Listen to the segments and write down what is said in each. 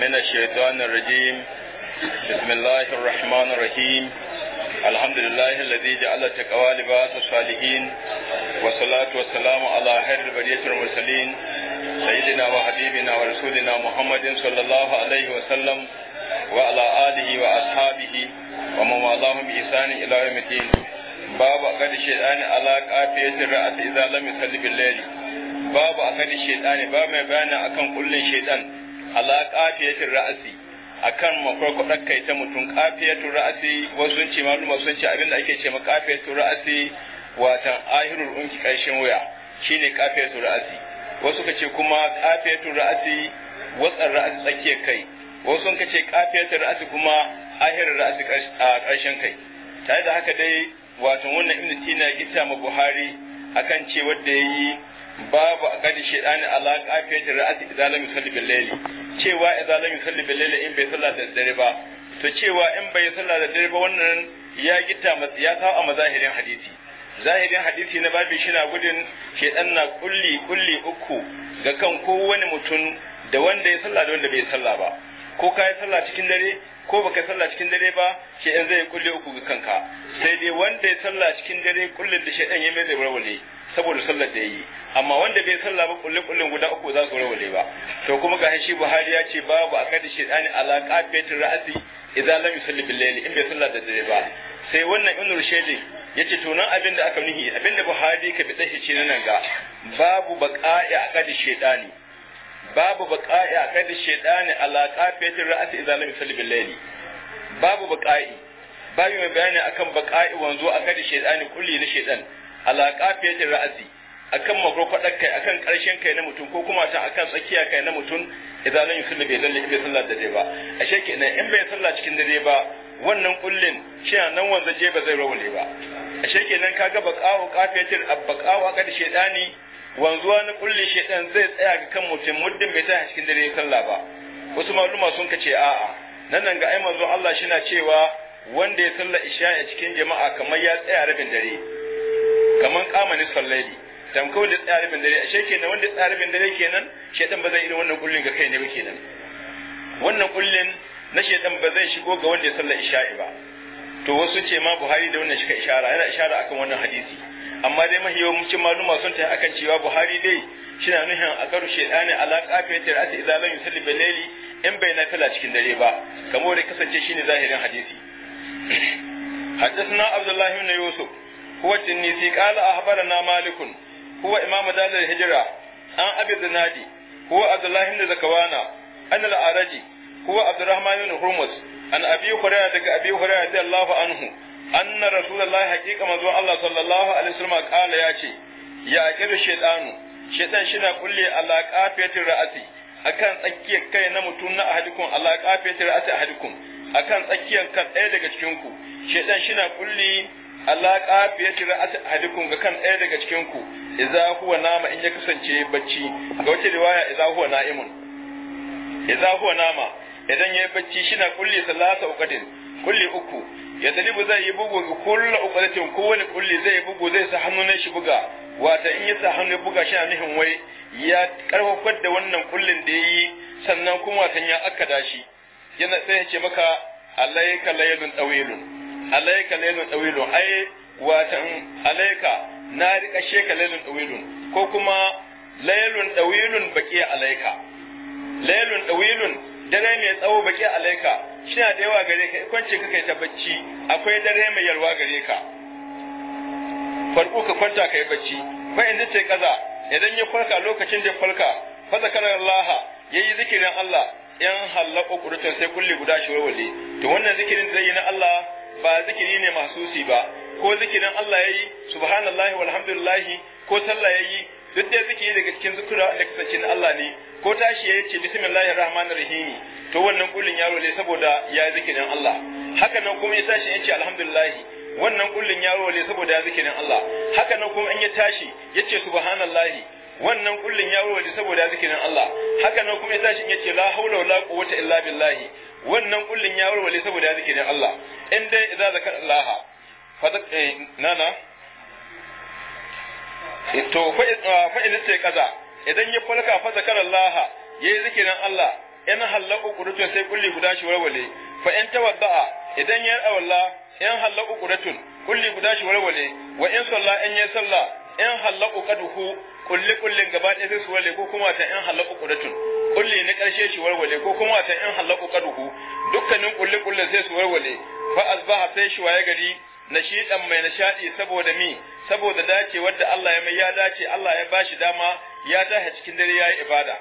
من الشيطان الرجيم بسم الله الرحمن الرحيم الحمد لله الذي جعل تقوى لباس الصالحين والصلاة والسلام على خير البرية المرسلين سيدنا وحبيبنا ورسولنا محمد صلى الله عليه وسلم وعلى آله وأصحابه ومن والاهم بإحسان إلى يوم الدين باب أقد الشيطان على كافية الرأس إذا لم يصلي بالليل باب أقد الشيطان باب ما بان أكن كل شيطان ala qafiyatir ra'si akan makwarkwadar kai ta mutum qafiyatur ra'si wasu sun ce maluma sun ce abinda ake ce ma qafiyatur ra'si watan ahirul unki karshen waya shine qafiyatur ra'si wasu ka ce kuma qafiyatur ra'si wasan ra'si tsakiyar kai wasu sun ka ce qafiyatur ra'si kuma ahirul ra'si karshen kai tare da haka dai watan wannan ibn tina ya gitta ma buhari akan ce wanda yayi babu a kadi shaidani ala kafiyatin ra'asi idan lam yusalli bil layli cewa idan lam yusalli bil layli in bai sallah da dare ba to cewa in bai sallah da dare ba wannan ya gita ya sa a mazahirin hadisi zahirin hadisi na babin shi na gudun shaidan na kulli kulli uku ga kan kowane mutum da wanda ya sallah da wanda bai sallah ba ko ka yi sallah cikin dare ko baka sallah cikin dare ba shi shedan zai kulle uku ga kanka sai dai wanda ya sallah cikin dare kullun da shedan ya mai a warware saboda sallar da yayi amma wanda bai sallah ba kullun kullun guda uku za su warware ba to kuma ga shi Buhari ya ce babu akadi shedani alaka qabiyatir ra'si idan lam yusalli bil layli in bai sallah da dare ba sai wannan Ibn Rushaydi yace to nan abinda aka nuhi abin da Buhari ka bi dashi ce nan ga babu baqa'i akadi shedani babu baqa'i aqadi shaytani ala qafiyatir ra'si idan lam yusalli bil layli babu baqa'i babu mai bayani akan baqa'i wanzo a aqadi shaytani kulli na shaytan ala qafiyatir ra'si akan makwakwadar kai akan karshen kai na mutum ko kuma ta akan tsakiya kai na mutum idan lam yusalli bil lalle bai sallah da dai ba ashe kenan in bai sallah cikin dare ba wannan kullin shi nan wanda je ba zai rawale ba a ashe nan kaga baqa'u qafiyatin abbaqa'u aqad shaytani wanzuwa na kulli shedan zai tsaya ga kan mutum muddin bai tsaya cikin dare sallah ba wasu maluma sun kace a'a nan nan ga ai manzo Allah na cewa wanda ya salla a cikin jama'a kamar ya tsaya rabin dare kamar kama ni sallaili dan kawai da tsaya rabin dare ashe kenan wanda tsaya rabin dare kenan shedan ba zai irin wannan kullin ga kai ne ba kenan wannan kullin na shedan ba zai shigo ga wanda ya salla isha ba to wasu ce ma Buhari da wannan shi ka ishara yana ishara akan wannan hadisi amma dai mahiyawancin maluma sun ta akan cewa buhari dai shina nuhin a karu shaidani ala kafiyar ra'asi idan lam yusalli in bai nafila cikin dare ba kamar da kasance shine zahirin hadisi حدثنا عبد الله بن يوسف هو التنيسي قال أخبرنا مالك هو إمام دار الهجرة عن أبي الزنادي هو عبد الله بن زكوانا أن الأعرجي هو عبد الرحمن بن هرمز عن أبي هريرة أبي هريرة رضي الله عنه anna rasulullahi haqiqa manzo Allah sallallahu alaihi wasallam kala ya ce ya kiru shaytanu shaytan shina kulle ala qafiyatir ra'ati akan tsakiyar kai na mutum na ahadikum ala qafiyatir ra'ati ahadikum akan tsakiyar kan ɗaya daga cikin ku shaytan shina kulle ala qafiyatir ra'ati ahadukun ga kan ɗaya daga cikin ku idza huwa nama in ya kasance bacci ga wace riwaya idza huwa na'imun idza huwa nama idan yayi bacci shina kulle salasa uqadin kulle uku ya dalibu zai yi bugu ga kullu ko kowane kulli zai bugu zai sa hannu ne shi buga wata in ya sa hannu ya buga shi a nihin wai ya karfafar da wannan kullin da yayi sannan kuma watan ya aka shi yana sai ya ce maka alaika laylun tawilun alayka laylun tawilun ai watan alayka na rika sheka laylun tawilun ko kuma laylun tawilun baki alaika laylun tawilun dare mai tsawo baki alaika shi da yawa gare ka kwance ka kai ta bacci akwai dare mai yalwa gare ka farko ka kwanta ka yi bacci fa in ce kaza idan ya farka lokacin da farka fa zakarar Allah yayi zikirin Allah yan halaku kurutun sai kulli guda shi wawale to wannan zikirin zai yi na Allah ba zikiri ne mahsusi ba ko zikirin Allah yayi subhanallahi walhamdulillahi ko sallah yayi duk da yi daga cikin zukura da kasance na Allah ne ko tashi ya ce bismillahir rahmanir rahim to wannan kullun yaro ne saboda ya zikirin Allah haka nan kuma ya tashi ya ce alhamdulillah wannan kullun yaro ne saboda ya zikirin Allah haka nan kuma in ya tashi ya ce subhanallahi wannan kullun yaro ne saboda ya zikirin Allah haka nan kuma ya tashi ya ce la haula wala quwwata illa billah wannan kullun yaro ne saboda ya zikirin Allah in dai idza zakar Allah fa eh, nana to in sai kaza idan ya falka fa zakar Allah yayi zikirin Allah in halaku qudutun sai kulli guda shi warwale fa in tawadda'a idan ya awalla in halaku qudutun kulli guda shi warwale wa in salla in ya salla in halaku kaduhu, kulli kulli gaba ɗaya sai su warwale ko kuma ta in halaku qudutun kulli na karshe shi warwale ko kuma ta in halaku kaduhu. dukkanin kulli kulli sai su warwale fa azbaha sai shi waye gari nashidan mai nishadi saboda mi saboda dace wadda Allah ya mai ya dace Allah ya bashi dama ya tashi cikin dare yayi ibada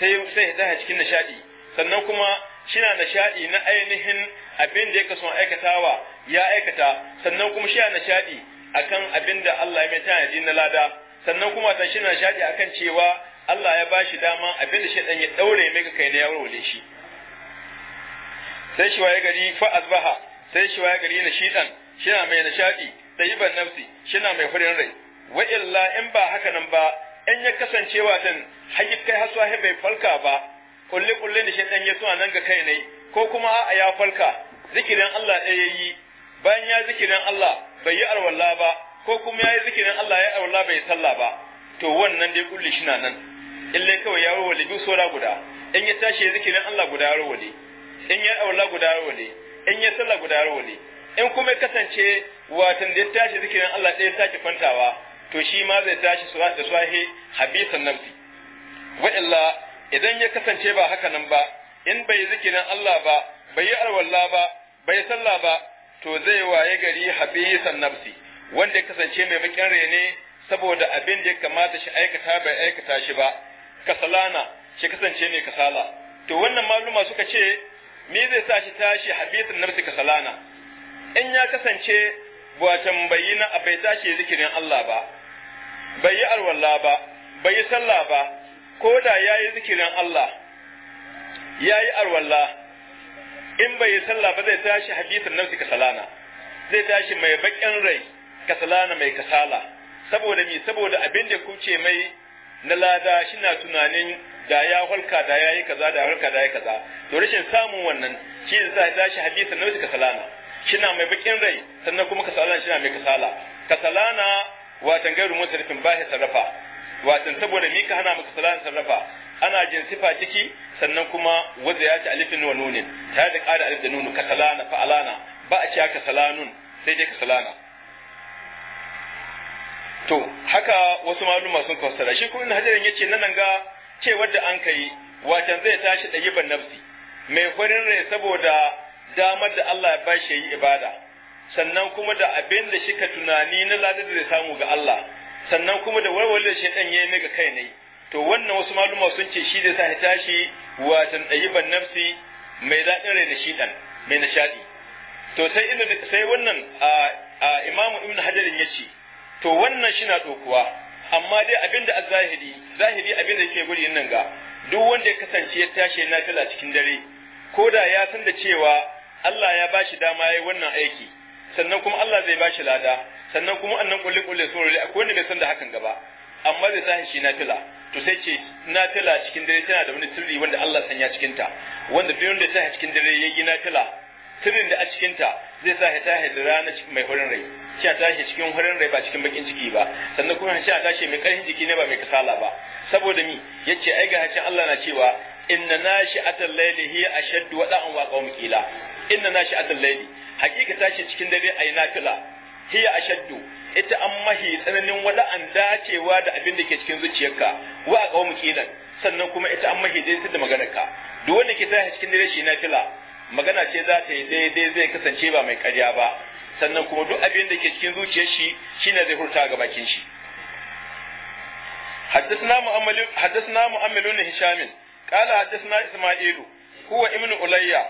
sai sai tashi cikin nishadi sannan kuma shina nishadi na ainihin abin da yake son aikatawa ya aikata sannan kuma shi nishadi akan abin da Allah ya mai tanadi na lada sannan kuma ta shi nishadi akan cewa Allah ya bashi dama abin da shedan ya daure mai kai ne ya warware shi sai shi waye gari fa azbaha sai shi waye gari na shidan shina mai nishadi tayyiban nafsi shina mai farin rai wa illa in ba haka nan ba in ya kasance watan hajji kai he bai falka ba kulle kulle ne shi dan ya suna nan ga kai ne ko kuma a ya falka zikirin Allah ɗaya yayi bayan ya zikirin Allah bai yi alwala ba ko kuma ya yi zikirin Allah ya alwala bai sallah ba to wannan dai kulli shina nan. nan illai kawai ya rawale biyu sora guda in ya tashi zikirin Allah guda rawale in ya alwala guda rawale in ya sallah guda rawale in kuma kasance watan da ya tashi zikirin Allah ɗaya sake kwantawa to shi ma zai tashi da suwahi habisan nafsi wa idan ya kasance ba haka nan ba in bai yi zikirin Allah ba bai yi alwala ba bai sallah ba to zai waye gari habisan nafsi wanda ya kasance mai bakin rene saboda abin da ya kamata shi aikata bai aikata shi ba kasalana shi kasance mai kasala to wannan maluma suka ce me zai sa shi tashi habisan nafsi kasalana in ya kasance watan bai yi na bai tashi zikirin Allah ba bai yi alwala ba bai yi sallah ba ko da ya yi zikirin Allah ya yi alwala in bai yi sallah ba zai tashi hadisin nafsi kasalana zai tashi mai baƙin rai kasalana mai kasala saboda mi saboda abin da kuce mai na lada shi na tunanin da ya hulka da ya yi kaza da ya hulka da ya kaza to rashin samun wannan shi zai tashi hadisin nafsi kasalana kina mai bakin rai sannan kuma kasala kina mai kasala kasala na watan gairu musarifin ba ya sarrafa watan saboda mi ka hana maka kasala sarrafa ana jin sifa ciki sannan kuma wanda ya ci alifin wa nunin tare da ƙara alif da nunu kasalana fa'alana ba a cewa salanun sai dai kasalana to haka wasu maluma sun fassara shi kuma hajarin yace nan ga ce da an kai watan zai tashi ban nafsi mai farin rai saboda damar da Allah ya bashi yi ibada sannan kuma da abin da shika tunani na ladar da samu ga Allah sannan kuma da warware shi dan ni ga kai ne to wannan wasu maluma sun ce shi da sa ya tashi watan dayiban nafsi mai daɗin rai da shi dan mai nishaɗi. to sai ina sai wannan a imamu ibnu ya ce to wannan shi na dokuwa amma dai abinda az-zahiri zahiri abinda yake guri nan ga duk wanda ya kasance ya tashi na fila cikin dare ko da ya san da cewa Allah ya ba shi dama yi wannan aiki sannan kuma Allah zai ba shi lada sannan kuma annan kulli kulli surori akwai wanda bai san da hakan gaba amma zai sahi shi nafila to sai ce nafila cikin dare tana da wani sirri wanda Allah sanya cikin ta wanda duk wanda sashi cikin dare yayi nafila sirrin da a cikin ta zai sa ya da rana mai horin rai shi a tashi cikin horin rai ba cikin bakin ciki ba sannan kuma shi a tashi mai karfin jiki ne ba mai kasala ba saboda mi yace ai ga hacin Allah na cewa inna nashi'atal layli hiya ashaddu wa da'an wa qawmi qila inna nashi atal layli hakika tashi cikin dare ayi nafila hiya ashaddu ita an mahi tsananin wala an dacewa da abin da ke cikin zuciyarka wa a kawo mukilan sannan kuma ita an mahi daidai da maganarka duk wanda ke tashi cikin dare shi nafila magana ce za ta yi daidai zai kasance ba mai karya ba sannan kuma duk abin da ke cikin zuciyar shi shine zai hurta ga bakin shi حدثنا مؤمل حدثنا مؤمل هشام قال حدثنا اسماعيل هو ابن أليا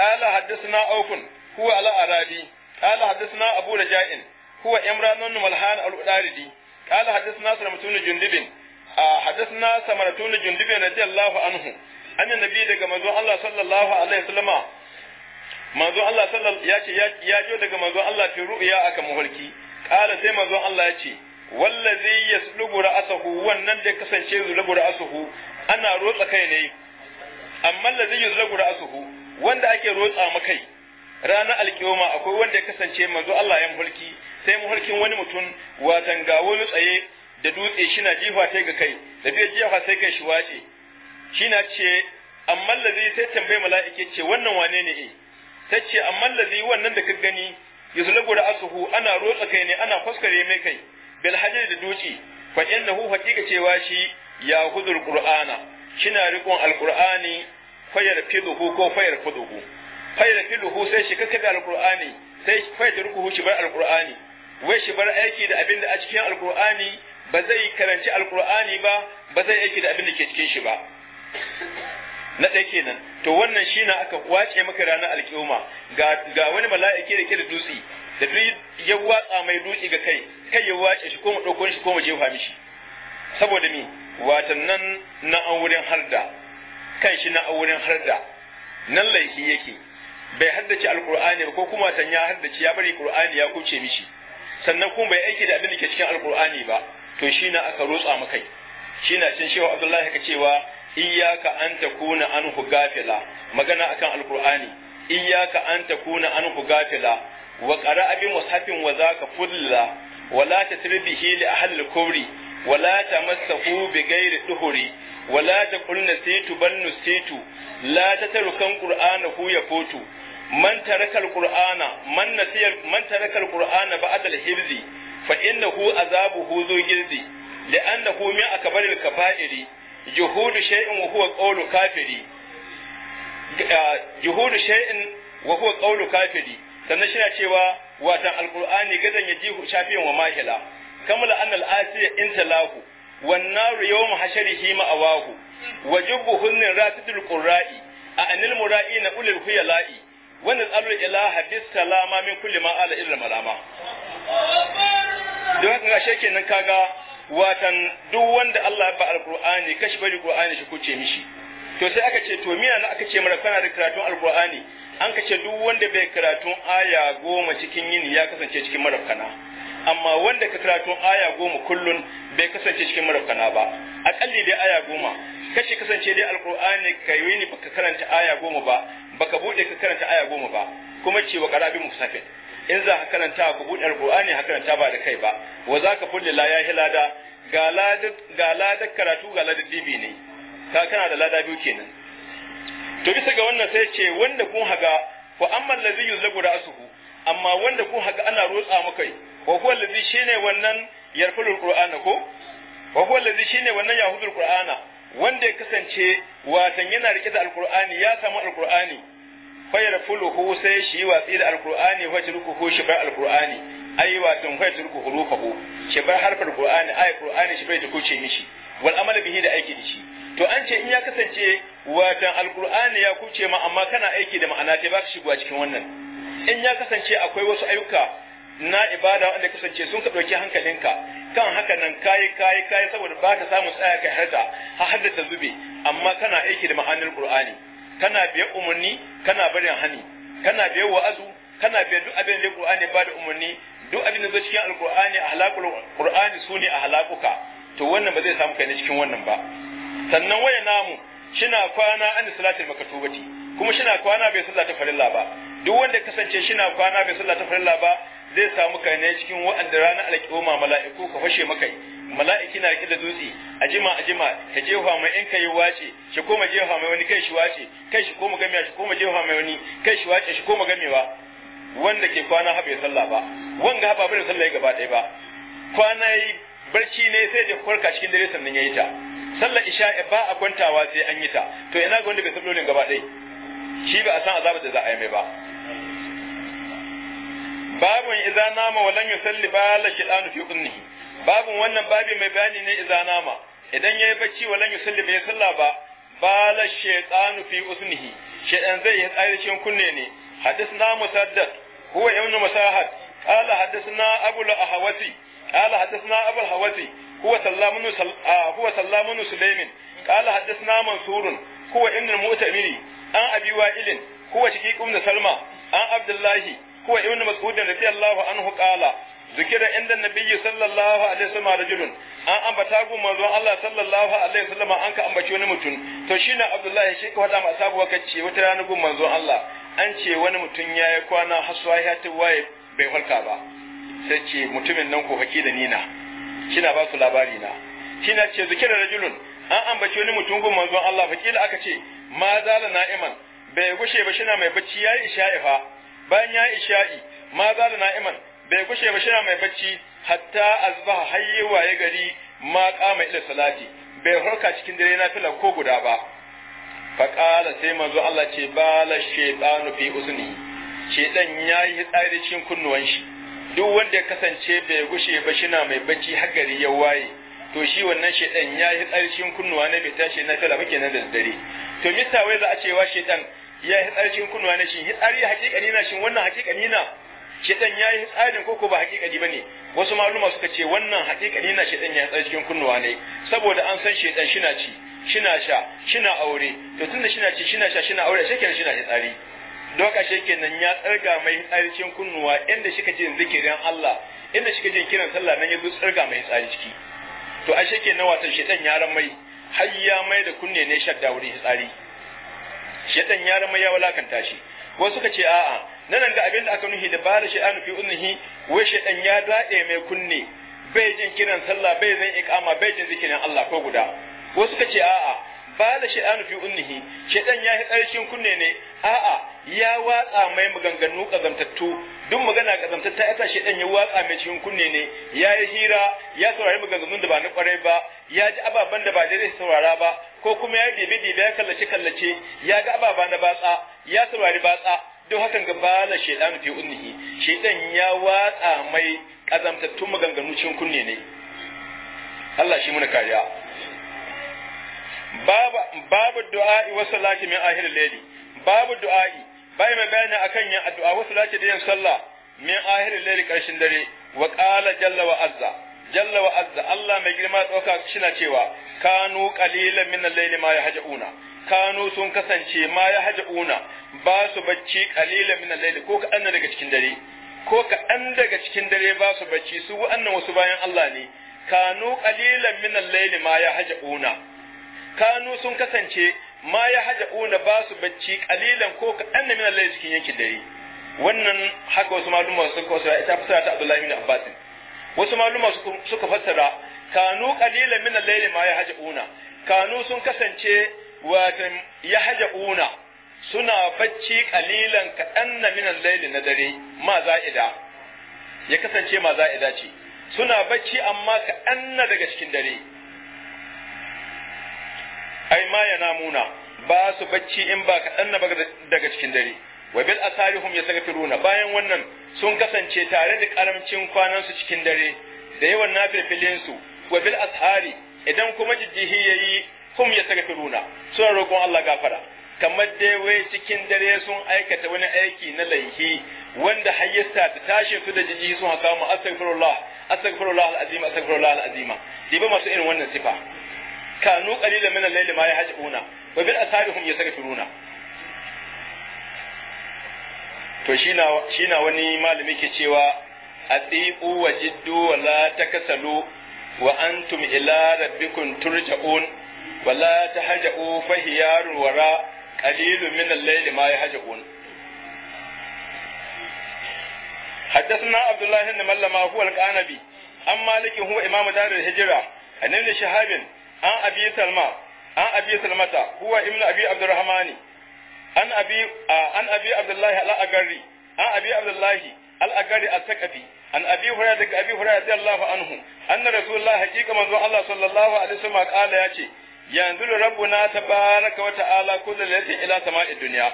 قال حدثنا أوف هو على أرادي قال حدثنا أبو رجاء هو إمران بن ملحان الأداردي قال حدثنا سلمتون جندب حدثنا سمرتون جندب رضي الله عنه أن النبي daga الله صلى الله عليه وسلم manzon Allah sallallahu ya ce ya jo daga manzon Allah fi ru'ya aka muhulki kala sai manzon Allah ya ce wallazi yaslubu ra'sahu wannan da kasance zulubu ra'sahu ana rotsa kai ne amma allazi yaslubu ra'sahu wanda ake rotsa makai ranar alkiyoma akwai wanda ya kasance manzo Allah ya mulki sai mulkin wani mutum watan ga wani tsaye da dutse shi na jifa ta ga kai da bai jifa sai kai shi wace shi na ce amma lazi sai tambaye mala'ike ce wannan wane ne eh sai ce amma lazi wannan da ka gani yuzlagu da asuhu ana rotsa kai ne ana kwaskare mai kai bil hajar da dutse fa innahu haqiqa cewa shi ya hudur qur'ana shina riƙon alqur'ani fayar filuhu ko fayar fuduhu fayar filuhu sai shi kakkabe alqur'ani sai fayar rukuhu shi bar alqur'ani wai shi bar aiki da abin da a cikin alqur'ani ba zai karanci alqur'ani ba ba zai aiki da abin da ke cikin shi ba na ɗaya kenan to wannan shi na aka wace maka ranar alƙiyoma ga wani mala'iki da ke da dutse da duk ya watsa mai dutse ga kai kai ya wace shi ko mu shi ko mu jefa mishi saboda mi watan nan na an wurin harda kan shi na wurin harda nan laifi yake bai haddace alkur'ani ba ko kuma san ya haddace ya bari qur'ani ya kuce mishi sannan kuma bai aiki da abin da ke cikin alkur'ani ba to shi na aka rutsa makai shi na cin shehu abdullahi ka cewa iyyaka an takuna ku gafila magana akan alkur'ani iyyaka an takuna ku gafila wa qara'a bi mushafin wa zaka fudla wala tasribihi li ahli kubri ولا تمسه بغير طهر ولا تقل نسيت بل نسيت لا تتركن قرآنه يفوت من ترك القرآن من نسي من ترك القرآن بعد الحفظ فإنه عذابه ذو جلد لأنه من أكبر الكبائر جهود شيء وهو قول كافر جهود شيء وهو قول كافر sannan shi cewa watan alkur'ani gadan ya ji shafiyan wa mahila kamala an al'asiya intalahu wan naru yawma hasharihi awahu wajibu hunnin ratidul qurra'i a anil mura'i na ulil khuyala'i wa nas'alu ilaha bis salama min kulli ma ala illa malama don haka shi kenan kaga watan duk wanda Allah ya ba alqur'ani kashi bari qur'ani shi kuce mishi to sai aka ce to miya na aka ce mara kana da karatun alqur'ani an ka duk wanda bai karatun aya goma cikin yini ya kasance cikin marafkana amma wanda ka karatu aya goma kullun bai kasance cikin marafkana ba akalli dai aya goma kashi kasance dai alqur'ani yi wani baka karanta aya goma ba baka bude ka karanta aya goma ba kuma ce wa qarabi musafir in za ka karanta ku bude alqur'ani ka karanta ba da kai ba wa ka fulle la yahi lada ga lada ga lada karatu ga lada dibi ne ka kana da lada biyu kenan to bisa ga wannan sai ce wanda kun haga wa amma allazi yuzlagu ra'suhu amma wanda kun haga ana rotsa maka wa huwa allazi shine wannan yarfulul qur'ana ko wa huwa allazi shine wannan yahudul qur'ana wanda ya kasance watan yana rike da alqur'ani ya samu alqur'ani fayarfuluhu sai shi watsi da alqur'ani wa turkuhu shi bar alqur'ani ai watan fa turkuhu rufahu shi bar harfar qur'ani ai qur'ani shi bai ta kuce mishi wal amal bihi da aiki da shi to an ce in ya kasance watan alqur'ani ya kuce ma amma kana aiki da ma'ana ta baka shigo a cikin wannan in ya kasance akwai wasu ayyuka na ibada wanda kasance sun ka ɗauki hankalinka kan haka nan kayi kayi kayi saboda ba ka samu tsaya kai harta har da ta zube amma kana aiki da ma'anar qur'ani kana biye umarni kana barin hani kana biye wa'azu kana biye duk abin da qur'ani ba da umarni duk abin da zai cikin alqur'ani ahlakul qur'ani sune ahlakuka to wannan ba zai samu kai cikin wannan ba sannan waya namu shina kwana an salatul makatubati kuma shina kwana bai sallah ta farilla ba duk wanda kasance shina kwana bai sallah ta farilla ba zai samu kai ne cikin wa'anda ranar alƙiyoma mala'iku ka fashe maka mala'iki na rike da dutse a jima a jima ka jefa mai in kai wace shi koma jefa mai wani kai shi wace kai shi koma gamewa shi koma jefa mai wani kai shi wace shi koma gamewa wanda ke kwana haɓe sallah ba wanga haɓa bai sallah ya gaba ɗaya ba kwana yi barci ne sai da kwarka cikin dare sannan ya yi ta sallar isha ba a kwantawa sai an yi ta to ina ga wanda bai sallolin gaba ɗaya shi ba a san azabar da za a yi mai ba babun idza nama walan yusalli bala shaytanu fi unnihi babun wannan babi mai bayani ne iza nama idan yayi bacci walan yusalli bai salla ba bala shaytanu fi usnihi shaytan zai yi tsare cikin kunne ne hadisna musaddad huwa ibn musahad qala hadisna abul ahwasi قال حدثنا أبو الهوزي هو سلام بن سل... آه هو سلام بن سليم قال حدثنا منصور هو ابن المؤتمر عن أبي وائل هو شقيق بن سلمى عن عبد الله kuwa ibnu mas'ud radiyallahu anhu qala zikira inda nabiyyi sallallahu alaihi wasallam rajulun an ambata gu manzon Allah sallallahu alaihi wasallam an ka ambaci wani mutum to shi shine Abdullahi shi ka fada ma sabuwa kace wata rana gu manzon Allah an ce wani mutum ya yi kwana haswa ya ta waye bai halka ba sai ce mutumin nan ko fake da nina kina ba su labari na kina ce zikira rajulun an ambaci wani mutum gu manzon Allah fakila aka ce ma zala iman bai gushe ba shi na mai bacci yayi isha'ifa bayan ya isha'i ma da na'iman bai gushe ba shi mai bacci hatta azba hayye waye gari ma kama ila salati bai horka cikin dare na fila ko guda ba fa qala sai manzo Allah ce bala shaytanu fi usni shedan yayi hitsari cikin kunnuwan shi duk wanda ya kasance bai gushe ba shi na mai bacci har gari ya waye to shi wannan shaytan yayi hitsari cikin kunnuwa ne bai tashi na fila ba kenan da dare to mista wai za a cewa shaytan ya yi hitsari cikin kunnuwa na shin hitsari hakikani na shin wannan hakikani na shedan ya yi hitsarin ko ba hakikani ba ne wasu maluma suka ce wannan hakikani na shedan ya hitsari cikin kunnuwa ne saboda an san shedan shina ci shina sha shina aure to tunda shina ci shina sha shina aure shekenan shina hitsari doka shi kenan ya tsarga mai hitsari cikin kunnuwa inda shika jin zikirin Allah inda shika ji kiran sallah nan ya zo tsarga mai tsari ciki to ashe kenan wato shedan ya ran mai har mai da kunne ne shadda wurin shedan ya rama ya walakanta shi ko suka ce a'a nan ga abin da aka nuhi da ba da an fi unhi wai shedan ya dade mai kunne bai jin kiran sallah bai zan iqama bai jin zikirin Allah ko guda ko suka ce a'a ba da an fi unhi shedan ya yi karshen kunne ne a'a ya watsa mai maganganu kazamtattu duk magana kazamtatta ya sa shedan ya watsa mai cikin kunne ne ya yi hira ya saurari maganganun da ba na kwarai ba ya ji ababen da ba daidai saurara ba ko kuma ya dibe dibe ya kallace kallace ya ga ababa na batsa ya saurari batsa duk hakan ga bala shedan fi unnihi shaidan ya watsa mai kazamtattun maganganu cikin kunne ne Allah shi muna kariya babu du'a'i wa salati min ahir layli babu du'a'i bai mai bayani akan yin addu'a wa salati da yin sallah min ahir layli karshen dare wa qala jalla wa azza jalla wa azza Allah mai girma ɗauka shina cewa kanu qalilan min al-layli ma yahjauna kanu sun kasance ma yahjauna ba su bacci qalilan min al-layli ko kaɗan daga cikin dare ko kaɗan daga cikin dare ba su bacci su wa'annan wasu bayan Allah ne kanu qalilan min al-layli ma yahjauna kanu sun kasance ma yahjauna ba su bacci qalilan ko kaɗan min al-layli cikin yankin dare wannan haka wasu malumma sun kawo ita fasara ta Abdullahi bin Abbas wasu maluma suka fassara kanu qalilan min al-layli ma yahjauna kanu sun kasance watan yahjauna suna bacci kalilan kadan na min al-layli na dare ma za'ida ya kasance ma za'ida ce suna bacci amma kadan na daga cikin dare ai ma yanamuna ba su bacci in ba kadan na daga cikin dare wa bil asarihum yastaghfiruna bayan wannan sun kasance tare da karamcin kwanan su cikin dare da yawan nafilfilin su wa bil ashari idan kuma jijjihi yayi hum yastaghfiruna suna roƙon Allah gafara kamar dai wai cikin dare sun aikata wani aiki na laifi wanda hayyasta ta tashi su da jijjihi sun haka mu astaghfirullah astaghfirullah alazim astaghfirullah alazima diba masu irin wannan sifa kanu qalilan min al-layli ma yahjuna wa bil asarihum yastaghfiruna to shi na wani malami ke cewa a tsiku wa jiddu wa la takasalu wa antum ila rabbikum turja'un wa la tahja'u fa hiyarun wara qalilun min al-layli ma yahja'un حدثنا عبد الله بن ملما هو القانبي عن مالك هو امام دار الهجره عن ابن شهاب عن ابي سلمى عن ابي سلمة هو ابن ابي عبد الرحمن an abi an abi abdullahi al-agari an abi abdullahi al-agari al-saqafi an abi hurairah daga abi hurairah radiyallahu anhu anna rasulullahi haqiqa manzo Allah sallallahu alaihi wasallam qala yace yanzu rabbuna tabaraka wa ta'ala kullu lati ila sama'i dunya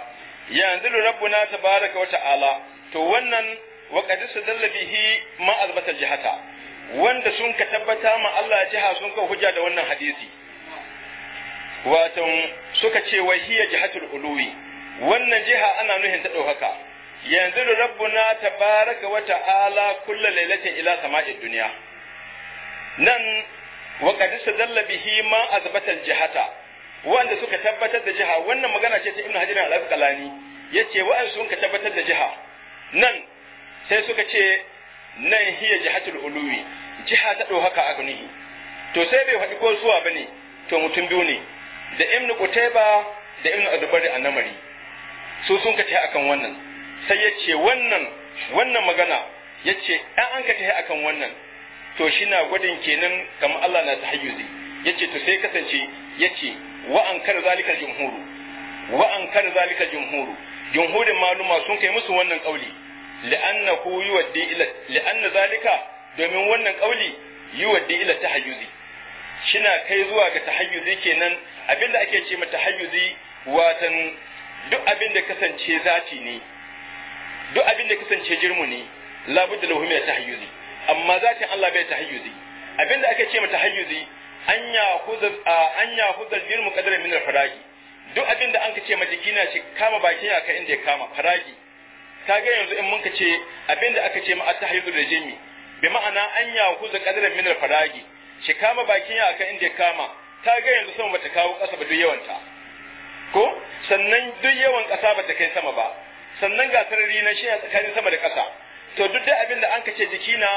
yanzu rabbuna tabaraka wa ta'ala to wannan wa qad sadalla bihi ma azbata jihata wanda sun ka tabbata ma Allah jiha sun ka hujja da wannan hadisi watan suka ce wa hiya jihatul uluwi wannan jiha ana nuhin ta ɗaukaka yanzu da rabbuna baraka wa ta'ala kulla lailatin ila sama'i duniya nan wa qad sadalla bihi ma azbata jihata wanda suka tabbatar da jiha wannan magana ce ta ibnu hajar al-asqalani yace wa'an sun ka tabbatar da jiha nan sai suka ce nan hiya jihatul uluwi jiha ta ɗaukaka a gani to sai bai faɗi ko zuwa bane to mutum biyu ne da ibnu qutaiba da ibnu adbari annamari su sun ka tafi akan wannan sai ya ce wannan wannan magana ya ce an an ka tafi akan wannan to shi na gwadin kenan kamar Allah na ta hayyuzi ya ce to sai kasance ya ce wa an kar zalika jumhuru wa an kar zalika jumhuru jumhurin maluma sun kai musu wannan kauli ku yuwaddi ila la'anna zalika domin wannan kauli yuwaddi ila tahayyuzi shina kai zuwa ga tahayyuzi kenan abinda ake ce mata tahayyuzi watan duk abin da kasance zati ne duk abin da kasance jirmu ne labudda lahu min tahayyuzi amma zatin Allah bai tahayyuzi abin da aka ce mata tahayyuzi an ya huzar an ya jirmu qadara min al-faragi duk abin da an ka ce ma jiki na shi kama bakin ya kai inda ya kama faragi ga yanzu in mun ka ce abin da aka ce ma at da jimi bi ma'ana an ya huzar qadara min al-faragi shi kama bakin ya kai inda ya kama ga yanzu sama bata kawo kasa ba duk yawanta ko sannan duk yawan ƙasa ba ta kai sama ba sannan ga sarari na shi tsakanin sama da ƙasa to duk da abin da an kace jiki na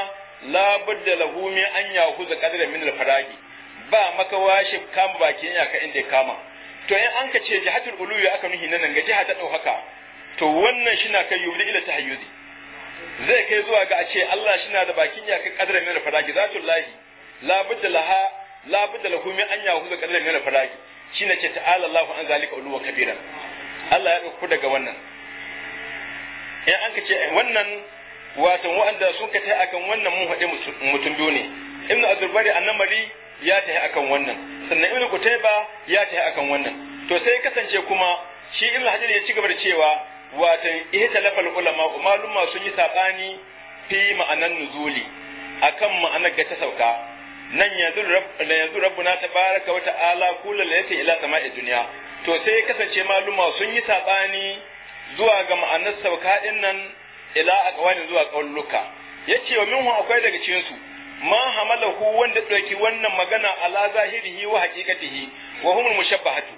labudda lahu min an huza qadra min al-faragi ba maka washe kama bakin yaka inda ya kama to in an kace jihatul uluwi aka nuhi nan ga jiha ta dauka to wannan shi na kai yubdi ila tahayyuzi zai kai zuwa ga a ce Allah shi na da bakin yaka qadra min al-faragi zatul lahi labudda laha labudda lahu min an huza qadra min al-faragi shine ce ta'ala Allahu an zalika uluwa kabira Allah ya dauku daga wannan in an ka ce wannan wato wa'anda sun ka ta akan wannan mun haɗe mutum biyu ne ibnu azurbari annamari ya ta akan wannan sannan ibnu kutaiba ya ta akan wannan to sai kasance kuma shi ibnu hajar ya ci gaba da cewa wato ihtalafal ulama malum sun yi sabani fi ma'anan nuzuli akan ma'anar ga ta sauka nan yanzu da yanzu rabbuna tabaraka wata ala, kula yake ila sama'i dunya to sai ya kasance maluma sun yi sabani zuwa ga ma'anar sauka din nan ila aqwani zuwa Ya yace wa minhu akwai daga cikin su ma hamalahu wanda dauki wannan magana ala zahirihi wa haqiqatihi wa humul mushabbahatu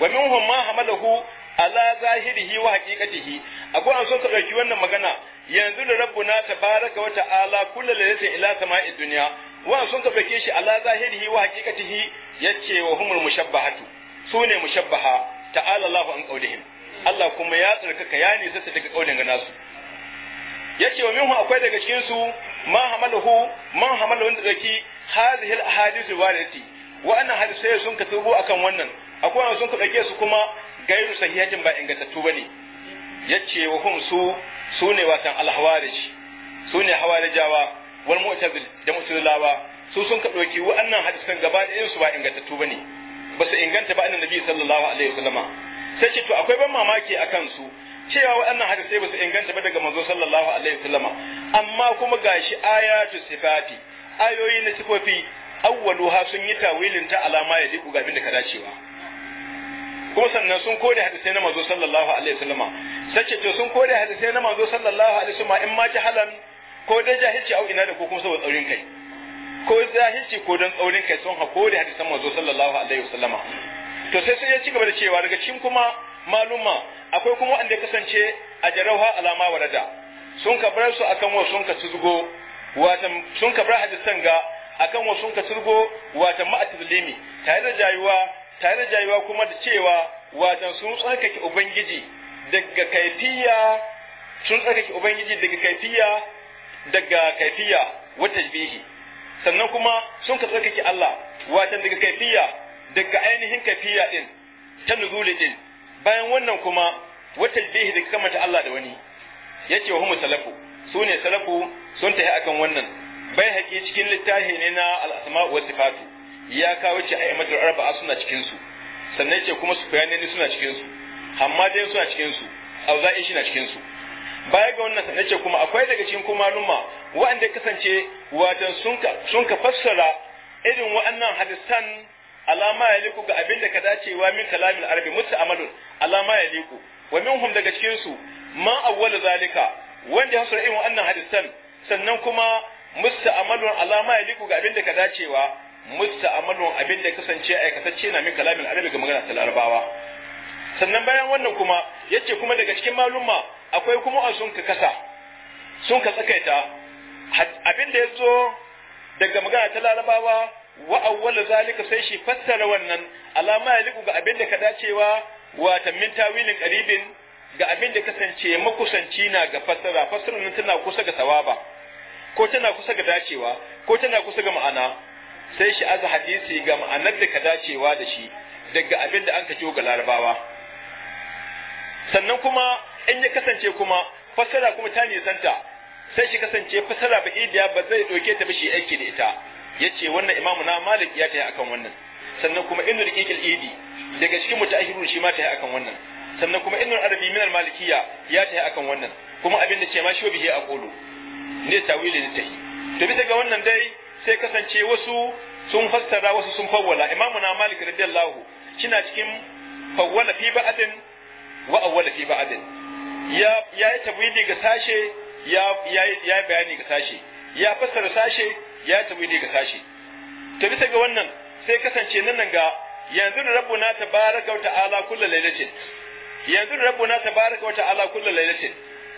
wa minhum ma hamalahu ala zahirihi wa haqiqatihi akwai an so ka dauki wannan magana yanzu da rabbuna tabaraka wa ta'ala kullu lailatin ila sama'i dunya wa sun ka ɗauke shi ala zahirihi wa haqiqatihi yace wa humul mushabbahatu su ne mushabbaha ta'ala Allahu an qaulihim Allah kuma ya tsarkaka ya nisa su daga kaulin ga nasu yace wa minhu akwai daga cikin su ma hamaluhu man hamalahu da daki hadhihi al ahadithu walati wa anna hadisai sun ka tubo akan wannan akwai wanda sun ka ɗauke su kuma gairu sahihatin ba ingantattu bane yace wa hum su sune watan al hawarij sune hawarijawa wal mu'tazil da mu'tazilawa su sun ka dauki wa'annan hadisan gaba da su ba ingantattu bane ba su inganta ba annabi sallallahu alaihi wasallama sai ce to akwai ban mamaki akan su cewa wa'annan hadisai ba su inganta ba daga manzo sallallahu alaihi wasallama amma kuma gashi ayatu sifati ayoyi na sifofi awwaluha sun yi tawilin ta alama ya liku ga da ka dacewa kuma sannan sun kore hadisai na manzo sallallahu alaihi wasallama sace to sun kore hadisai na manzo sallallahu alaihi wasallama in ma jahalan ko dan jahilci au ina da ko kuma saboda tsaurin kai ko jahilci ko dan tsaurin kai sun hako da hadisan manzo sallallahu alaihi wasallama to sai sai ya ci gaba da cewa daga cikin kuma maluma akwai kuma wanda ya kasance a jarauha alama warada sun kabar su akan wa sun ka tsugo watan sun kabar hadisan ga akan wa sun ka tsugo watan ma'atulimi tare da jayuwa tare da jayuwa kuma da cewa watan sun tsarkake ubangiji daga kaifiya sun tsarkake ubangiji daga kaifiya daga kaifiya wa tashbihi sannan kuma sun ka tsarkake Allah watan daga kaifiya daga ainihin kaifiya din ta nuzuli din bayan wannan kuma wa tashbihi daga kamata Allah da wani yace wa humu salafu su ne salafu sun tahi akan wannan bai haƙi cikin littafi ne na al-asma wa sifatu ya kawo ce a'immatul arba'a suna cikin su sannan ce kuma su suna cikin su amma dai suna cikin su auza'i shi na cikin su baya ga wannan nace kuma akwai daga cikin kuma numa ya kasance watan sun ka fassara irin waɗannan hadisan alama ya liku ga abin da ka dacewa min kalamin arabi mutu amalun alama ya liku wa minhum daga cikin su ma awwal zalika wanda ya fassara irin waɗannan hadisan sannan kuma mutu amalun alama ya liku ga abin da ka dacewa mutu amalun abin da kasance aikatacce na min kalamin arabi ga magana talarbawa sannan bayan wannan kuma yace kuma daga cikin maluma akwai kuma an sun ka kasa sun ka tsakaita abin da ya zo daga magana ta larabawa wa awwala zalika sai shi fassara wannan alama ya liku ga abin da ka dacewa wa min tawilin qaribin ga abin da kasance makusanci na ga fassara fassarar nan tana kusa ga sawaba ko tana kusa ga dacewa ko tana kusa ga ma'ana sai shi aza hadisi ga ma'anar da ka dacewa da shi daga abin da an ka ga larabawa sannan kuma in ya kasance kuma fassara kuma ta nisanta sai shi kasance fassara ba da ba zai ɗauke ta ba shi aiki da ita ya ce wannan imamu na malik ya ta akan wannan sannan kuma inu da ƙiƙil idi daga cikin mutahiru shi ma ta akan wannan sannan kuma inu arabi min malikiya ya ta akan wannan kuma abin da ce ma shi bihi a kolo ne tawili da tahi to bisa ga wannan dai sai kasance wasu sun fassara wasu sun fawwala imamu na malik radiyallahu kina cikin fawwala fi ba'adin wa awwala fi ba'adin ya ya yi tabwidi ga sashe ya ya bayani ga sashe ya fassara sashe ya yi tabwidi ga sashe to bisa ga wannan sai kasance nan ga yanzu da rabbuna tabaraka wa ta'ala kullu lailatin yanzu da rabbuna tabaraka wa ta'ala kullu lailatin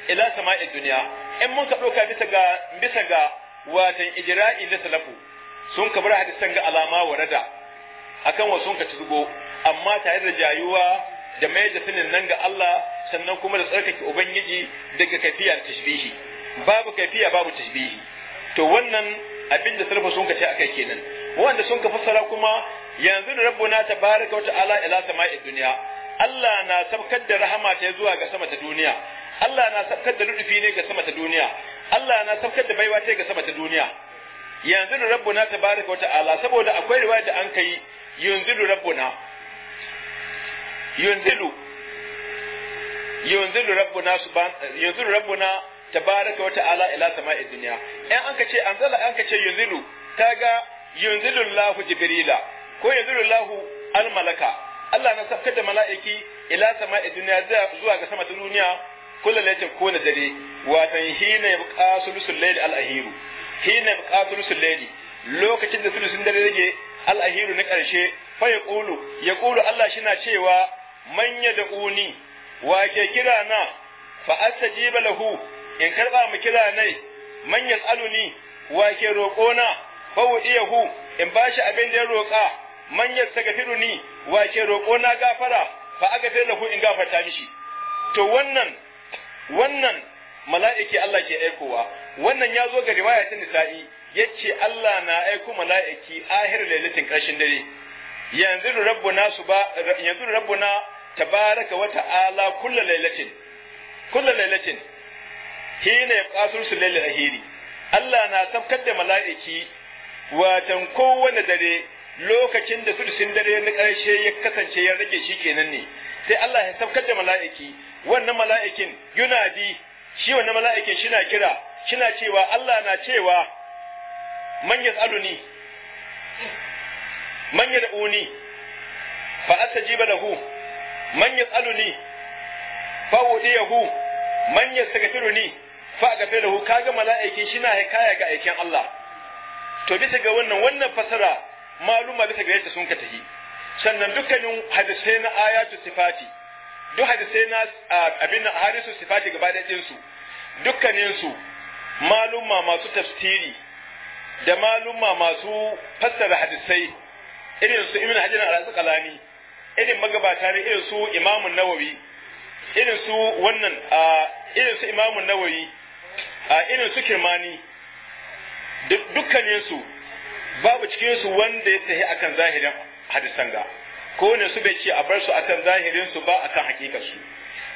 ila sama'i duniya in mun ka doka bisa ga bisa ga watan ijra'i da salafu sun bar hadisan ga alama warada akan wasu ka turgo amma tare da jayuwa da mai da sunin nan ga Allah sannan kuma da tsarkake ubangiji daga kafiya da tashbihi babu kafiya babu tashbihi to wannan abin da sarfa sun kace akai kenan wanda sun ka fassara kuma yanzu da rabbuna tabaraka wa ta'ala ila sama'i dunya Allah na sabkar da rahama ta zuwa ga sama ta duniya Allah na sabkar da rudufi ne ga sama ta duniya Allah na sabkar da baiwa ta ga sama ta duniya yanzu da rabbuna tabaraka wa ta'ala saboda akwai riwaya da an kai yanzu da rabbuna yunzilu yunzilu rabbuna yunzilu rabbuna tabaraka wa ta'ala ila sama'id dunya in an kace anzala an kace yunzilu kaga yunzilu Allahu jibrila ko yunzilu Allahu almalaka Allah na safkar da mala'iki ila sama'id dunya zuwa ga sama ta duniya kullal yace ko na dare watan hina yabqa sulusul layl al ahiru hina yabqa sulusul layl lokacin da sulusun dare rage al ahiru na karshe fa yaqulu yaqulu Allah shi na cewa man yad'uni wa ke kira na fa astajiba lahu in karba mu kira nai man yas'aluni wa ke roƙo na fa wudiyahu in bashi abin da ya roka man yastaghfiruni wa ke roƙo na gafara fa agafir lahu in gafarta mishi to wannan wannan mala'iki Allah ke aikowa wannan ya zo ga riwaya ta nisa'i yace Allah na aiko mala'iki ahir lailatin ƙarshen dare yanzu rabbuna su ba yanzu rabbuna tabaraka wa ta'ala kullu lailatin kullu lailatin hina yaqasul sulal ahiri Allah na sabkar da mala'iki watan kowane dare lokacin da sun dare na ƙarshe ya kasance ya rage shi kenan ne sai Allah ya sabkar da mala'iki wannan mala'ikin bi, shi wannan mala'ikin shi na kira shi na cewa Allah na cewa man yas'aluni man yad'uni fa astajiba lahu man yas'aluni fa udiyahu man yastaghfiruni fa aghfiruhu kaga mala'iki shina hikaya ga aikin Allah to bisa ga wannan wannan fasara maluma bisa ga yadda sun ka tahi sannan dukkanin hadisai na ayatu sifati duk hadisai na abin na hadisu sifati gaba da ɗinsu dukkaninsu maluma masu tafsiri da maluma masu fassara hadisai irin su ibn hajar al-asqalani irin magabata ne irin su imamun nawawi irin su wannan irin su imamun nawawi irin su kirmani dukkaninsu babu cikinsu wanda ya tahi akan zahirin hadisan ga ko ne su bai ce a bar su akan zahirin su ba akan hakikar su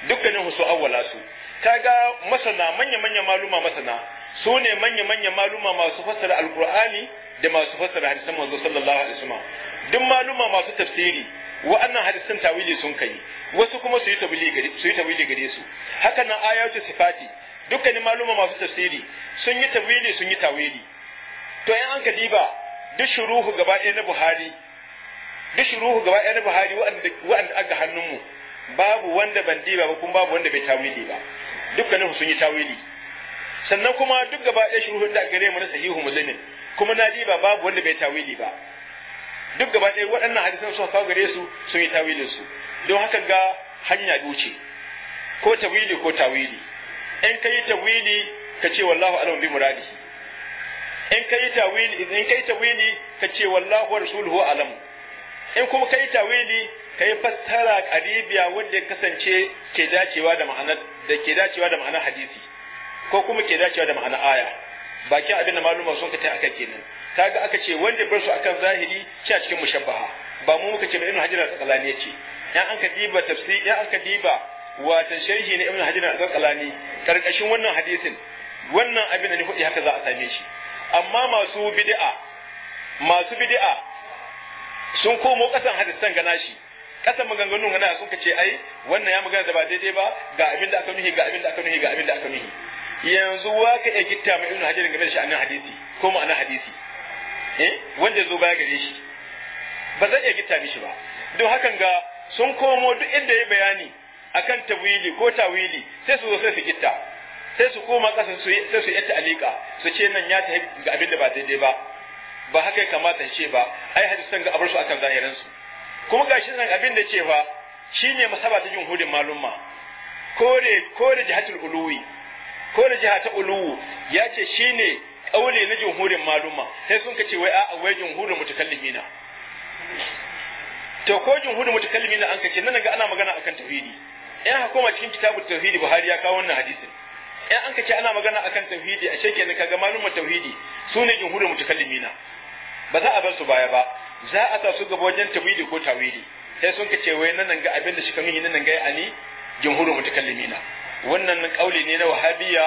dukkanin su awwala su kaga masana manya manya maluma masana su ne manya manya maluma masu fassara alkur'ani da masu fassara hadisan manzo sallallahu alaihi wasallam duk maluma masu tafsiri wa'annan hadisan tawili sun kai wasu kuma su yi tawili gare su yi tawili gare su haka nan ayatu sifati dukkanin maluma masu tafsiri sun yi tawili sun yi tawili to in an ka diba duk shuruhu gaba ɗaya na Buhari duk shuruhu gaba ɗaya na Buhari wa'anda aka hannunmu babu wanda ban diba ba kuma babu wanda bai tawili ba dukkanin sun yi tawili sannan kuma duk gaba ɗaya shuruhun da gare mu na sahihu muslimin kuma na ba babu wanda bai tawili ba duk gaba ɗaya waɗannan hadisan suka kawo gare su sun yi tawilin su don haka ga hanya duce, ko tawili ko tawili in kai tawili ka ce wallahu alam bi muradihi in kai tawili in kai tawili ka ce wallahu wa rasuluhu alam in kuma kai tawili ka yi fassara karibiya wanda ya kasance ke dacewa da ma'anar da ke dacewa da ma'anar hadisi ko kuma ke dacewa da ma'ana aya bakin abin da maluma sun ka aka kenan kaga aka ce wanda bar su akan zahiri ce a cikin mushabbaha ba mu muka ce ibn hajar al-asqalani yace yan an ka diba tafsir yan an ka diba watan sharhi na ibn hajar al-asqalani karkashin wannan hadisin wannan abin da ni hudi haka za a same shi amma masu bid'a masu bid'a sun komo kasan hadisan gana shi kasan maganganun gana sun ka ce ai wannan ya magana da ba daidai ba ga abin da aka nuhi ga abin da aka nuhi ga abin da aka nuhi yanzu wa ka iya gitta mai ibnu hajar game da shi annan hadisi ko ma'ana hadisi eh wanda zo baya gare shi ba zai iya gitta mishi ba don hakan ga sun komo duk inda ya bayani akan tawili ko tawili sai su zo sai su gitta sai su koma kasa su sai su yatta alika su ce nan ya tafi ga abin da ba daidai ba ba haka ya kamata ce ba ai hadisan ga abar su akan zahirin su kuma gashi nan abin da ce fa shine masaba ta hudin malumma kore kore jihatul uluwi ko da jiha ta uluwu ya ce shi ne ƙaule na jumhurin maluma sai sun ka ce wai a'a wai jumhurin mutakallimina to ko jumhurin mutakallimina an ka ce nan ga ana magana akan tauhidi in aka cikin kitabut tauhidi Buhari ya kawo wannan hadisin Yan an ka ce ana magana akan tauhidi a ka kaga malumin tauhidi su ne jumhurin mutakallimina ba za a bar su baya ba za a sa su gaba wajen tawili ko tawili sai sun ka ce wai nan ga abin da shi kan yi nan ga ani jumhurin mutakallimina wannan kauli ne na wahabiya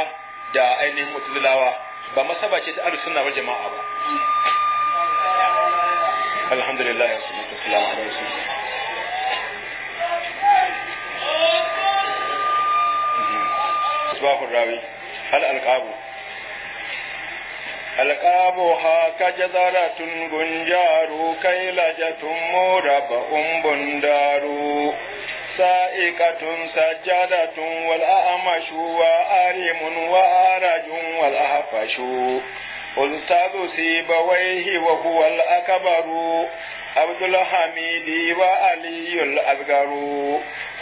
da ainihin mutuzilawa ba masaba ce ta ahlus sunna wal jama'a ba alhamdulillah wa salatu Alƙabu ala rasulillah صباح الراوي هل القاب ألقابها كجذرة جنجار كيلجة مربع بندار سائقة سجادة والأأمش وآرم وآرج والأهفش أستاذ سيبويه وهو الأكبر عبد الحميد وعلي الأذكر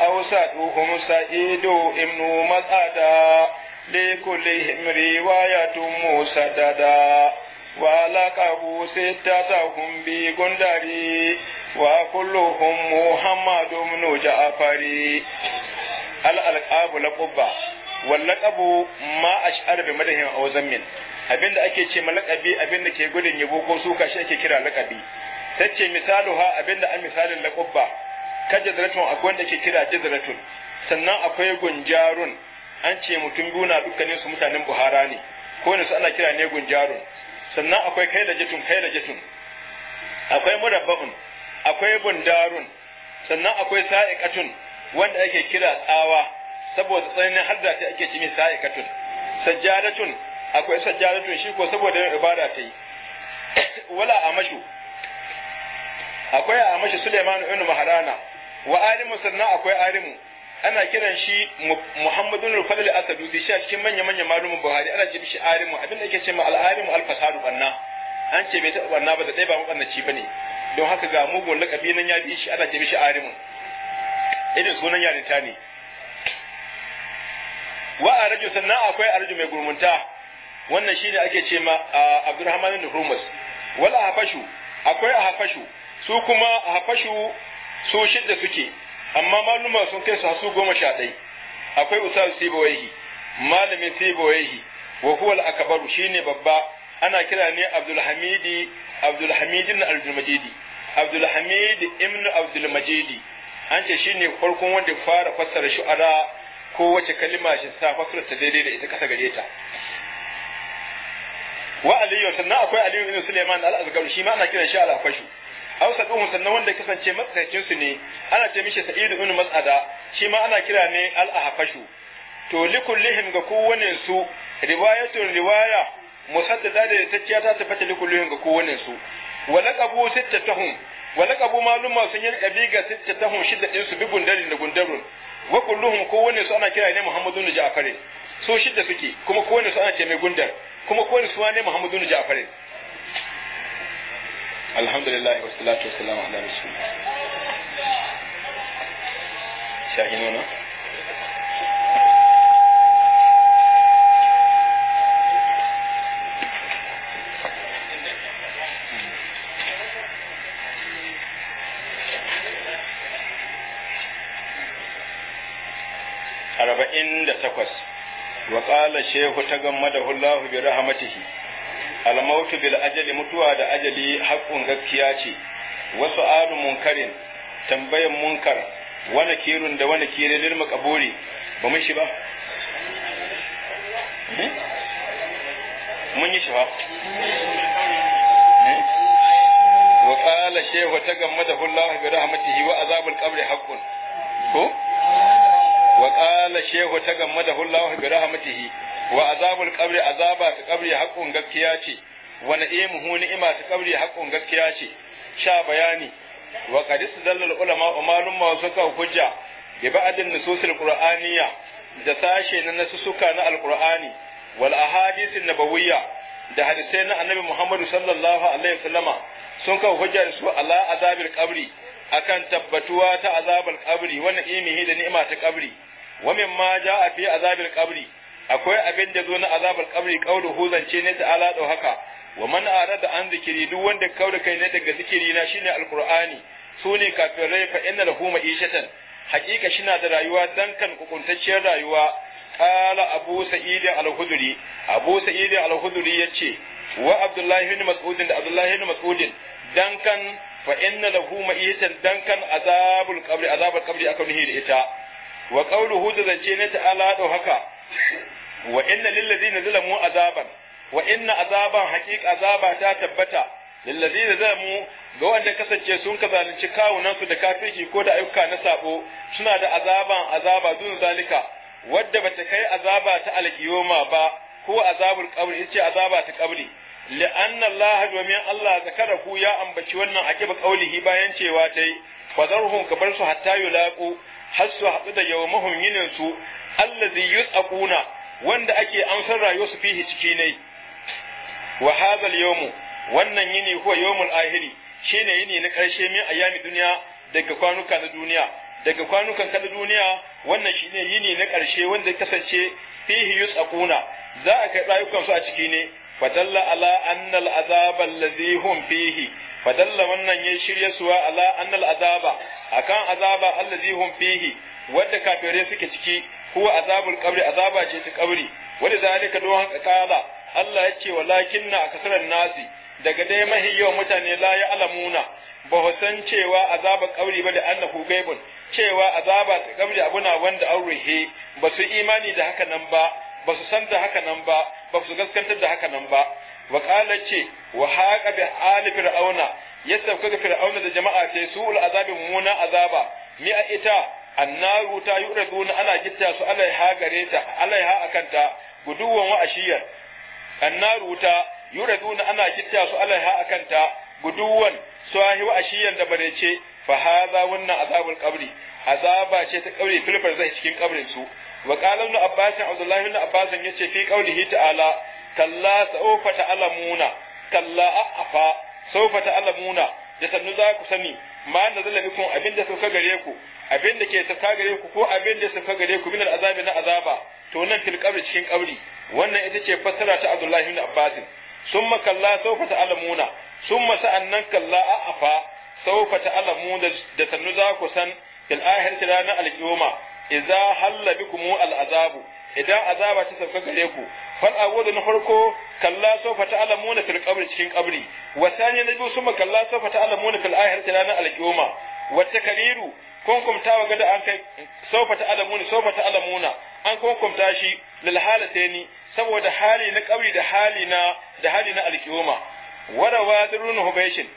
أوسطهم سعيد ابن مسعدا لكلهم رواية مسددا وألقه ستتهم بغندري وكلهم محمد بن جعفر الألقاب لقبة واللقب ما أشعر بمدهم أو زمن abin da ake ce malakabi abin da ke gudun yabo ko suka shi ake kira lakabi ta ce misaluha abin da an misalin laƙubba ka jazratun akwai wanda ke kira jazratun sannan akwai gunjarun an ce mutum biyu na dukkanin su mutanen buhara ne ko ne su ana kira ne gunjarun sannan akwai kai da jitun kai da jitun akwai murabba'un akwai bundarun sannan akwai sa'iqatun wanda ake kira tsawa saboda har hadda ta ake cimi sa'iqatun sajjadatun akwai sajjadatun shi ko saboda yin ibada ta yi wala amashu akwai amashu Suleiman ibn Maharana wa alimu sannan akwai alimu ana kiran shi Muhammadun al-Fadl al-Asadusi shi a cikin manya-manyan malumin Buhari ana ce shi alimu abin da yake ce ma al-alimu al-fasadu banna an ce bai taɓa banna ba da ɗaya ba mabannaci bane don haka ga mugun lakabi nan ya bi shi ana ce shi alimu irin sunan ta ne wa arju sannan akwai arju mai gurmunta wannan shine ake ce ma Abdurrahman bin Hurmus wala hafashu akwai hafashu su kuma hafashu su shidda suke amma maluma sun kai su hasu goma sha ɗai akwai usalu sibawaihi malamin sibawaihi wa huwa al-akbaru shine babba ana kira ne abdul hamidi abdul hamidin abdul majidi abdul hamid ibn abdul majidi an ce shine farkon wanda fara fassara shu'ara ko wace kalma shi sa fassara ta daidai da ita kasa gare ta wa aliyu sannan akwai aliyu ibn suleiman al-azgaru shi ma ana kiran shi al fashu aw saduhum sannan wanda kasance matsakaicin su ne ana ce mishi sa'id ibn mas'ada shi ma ana kira ne al-ahfashu to likullihim ga kowane su riwayatun riwaya musaddada da ta ta tabbata likullihim ga kowane su wa laqabu sittatahum wa laqabu maluma sun yi laqabi ga sittatahum shidda din su bi gundarin da gundarun wa kulluhum kowane su ana kira ne Muhammadu muhammadun ja'far so shidda suke kuma kowane su ana ce mai gundar kuma kowane su ne muhammadun ja'far الحمد لله والصلاة والسلام على رسول الله شاهدونا أربعين لتقص وقال الشيخ تقمده الله برحمته almautu bil ajali mutuwa da ajali haƙƙun gaskiya ce wasu alu munkarin tambayan munkar wani kirun da wani kire lil makaburi ba mun shi ba hmm? mun yi shi ba hmm? wa qala shehu tagammadahu Allah bi rahmatihi wa azabul qabri haqqun ko wa qala shehu tagammadahu Allah bi rahmatihi wa azabul qabri azaba ta qabri haqqun gaskiya ce wa na'imuhu ni'ima ta qabri haqqun gaskiya ce sha bayani wa qad istadalla ulama wa malum ma suka hujja bi ba'din nususil qur'aniyya da sashe na nasusuka na alqur'ani wal ahadithin nabawiyya da hadisai na annabi Muhammad sallallahu alaihi wasallama sun kawo hujja da su ala azabil qabri akan tabbatuwa ta azabul qabri wa na'imihi da ni'ima ta qabri wa mimma ja'a fi azabil qabri akwai abin da zo na azabar kabri kaulu huzance ne ta'ala da haka wa man arada an zikiri duk wanda kaura kai ne daga zikiri na shine alqur'ani sune kafirai fa inna lahu ma'ishatan hakika shina da rayuwa dankan kukuntacciyar rayuwa qala abu sa'id al-khudri abu sa'id al-khudri yace wa abdullahi ibn mas'ud da abdullahi ibn mas'ud dankan fa inna lahu ma'ishatan dankan azabul qabri azabul qabri akan da ita wa qawluhu da zance ne ta'ala da haka wa inna lillazina zalamu azaban wa inna azaban haqiqa azaba ta tabbata lillazina zalamu ga wanda kasance sun ka zalunci kawunan su da kafirci ko da ayyuka na sabo suna da azaban azaba dun zalika wadda bata kai azaba ta alkiyoma ba ko azabul qabri yace azaba ta qabri لأن الله domin Allah zakarahu ya ambaci wannan akiba kaulihi bayan cewa tai fazarhum kabar su hatta yulaqu har su haɗu da yawmahum yinin su allazi wanda ake an san rayuwar su fihi ciki ne wa yomu yawmu wannan yini huwa yawmul ahiri shine yini na karshe min ayami duniya daga kwanuka na duniya daga kwanukan kaɗai duniya wannan shine yini na karshe wanda kasance fihi yusakuna za a kai rayukan su a ciki ne fadalla ala annal azaba allazi hum wannan ya shirya suwa ala annal azaba akan azaba allazi hum wadda kafirai suke ciki ko azabar qabri azaba ce ta qabri wanda zarika don haka Allah ya ce a akasaran nasi daga dai mahi mutane la ya alamuna ba ku san cewa azaba kauri ba da annahu gaibun cewa azaba ta kabri abuna wanda an ruhe ba su imani da haka nan ba ba su san da haka nan ba ba su gaskantar da haka nan ba wa qala ce wa haqa bi ali fir'auna yasabka ga fir'auna da jama'a ce su'ul azabi muna azaba mi a ita annaru ta yuraduna ana gitta su alaiha gare ta alaiha akanta guduwan wa ashiyar annaru ta yuraduna ana gitta su alaiha akanta guduwan suwahi wa ashiyar da bare ce fa hadha wannan azabul qabri azaba ce ta kaure filfar zai cikin kabrin su wa qala ibn abbas abdullah ibn abbas yace fi qawlihi ta'ala kalla sawfa ta'lamuna kalla afa sawfa ta'lamuna da sannu za ku sani ma nazala bikum abinda sauka gare ku abinda ke sauka gare ku ko abinda sauka gare ku min azabi na azaba to nan fil qabri cikin qabri wannan ita ce fassara ta abdullah ibn abbas summa kalla sawfa ta'lamuna summa sa'annan kalla afa sawfa ta'lamuna da sannu za ku san fil akhirati ranar alqiyama Iza halla bikum al'azabu? idan azaba ta sauka gare ku fal awwalu na farko kalla sawfa ta'lamuna fil qabri cikin qabri wa thani na biyu suma kalla sawfa ta'lamuna fil akhirati lana al qiyama wa takaliru kunkumta wa gada an kai sawfa ta'lamuna sawfa ta'lamuna an kunkumta shi lil halataini saboda hali na qabri da hali na da hali na al qiyama wa rawadun hubayshin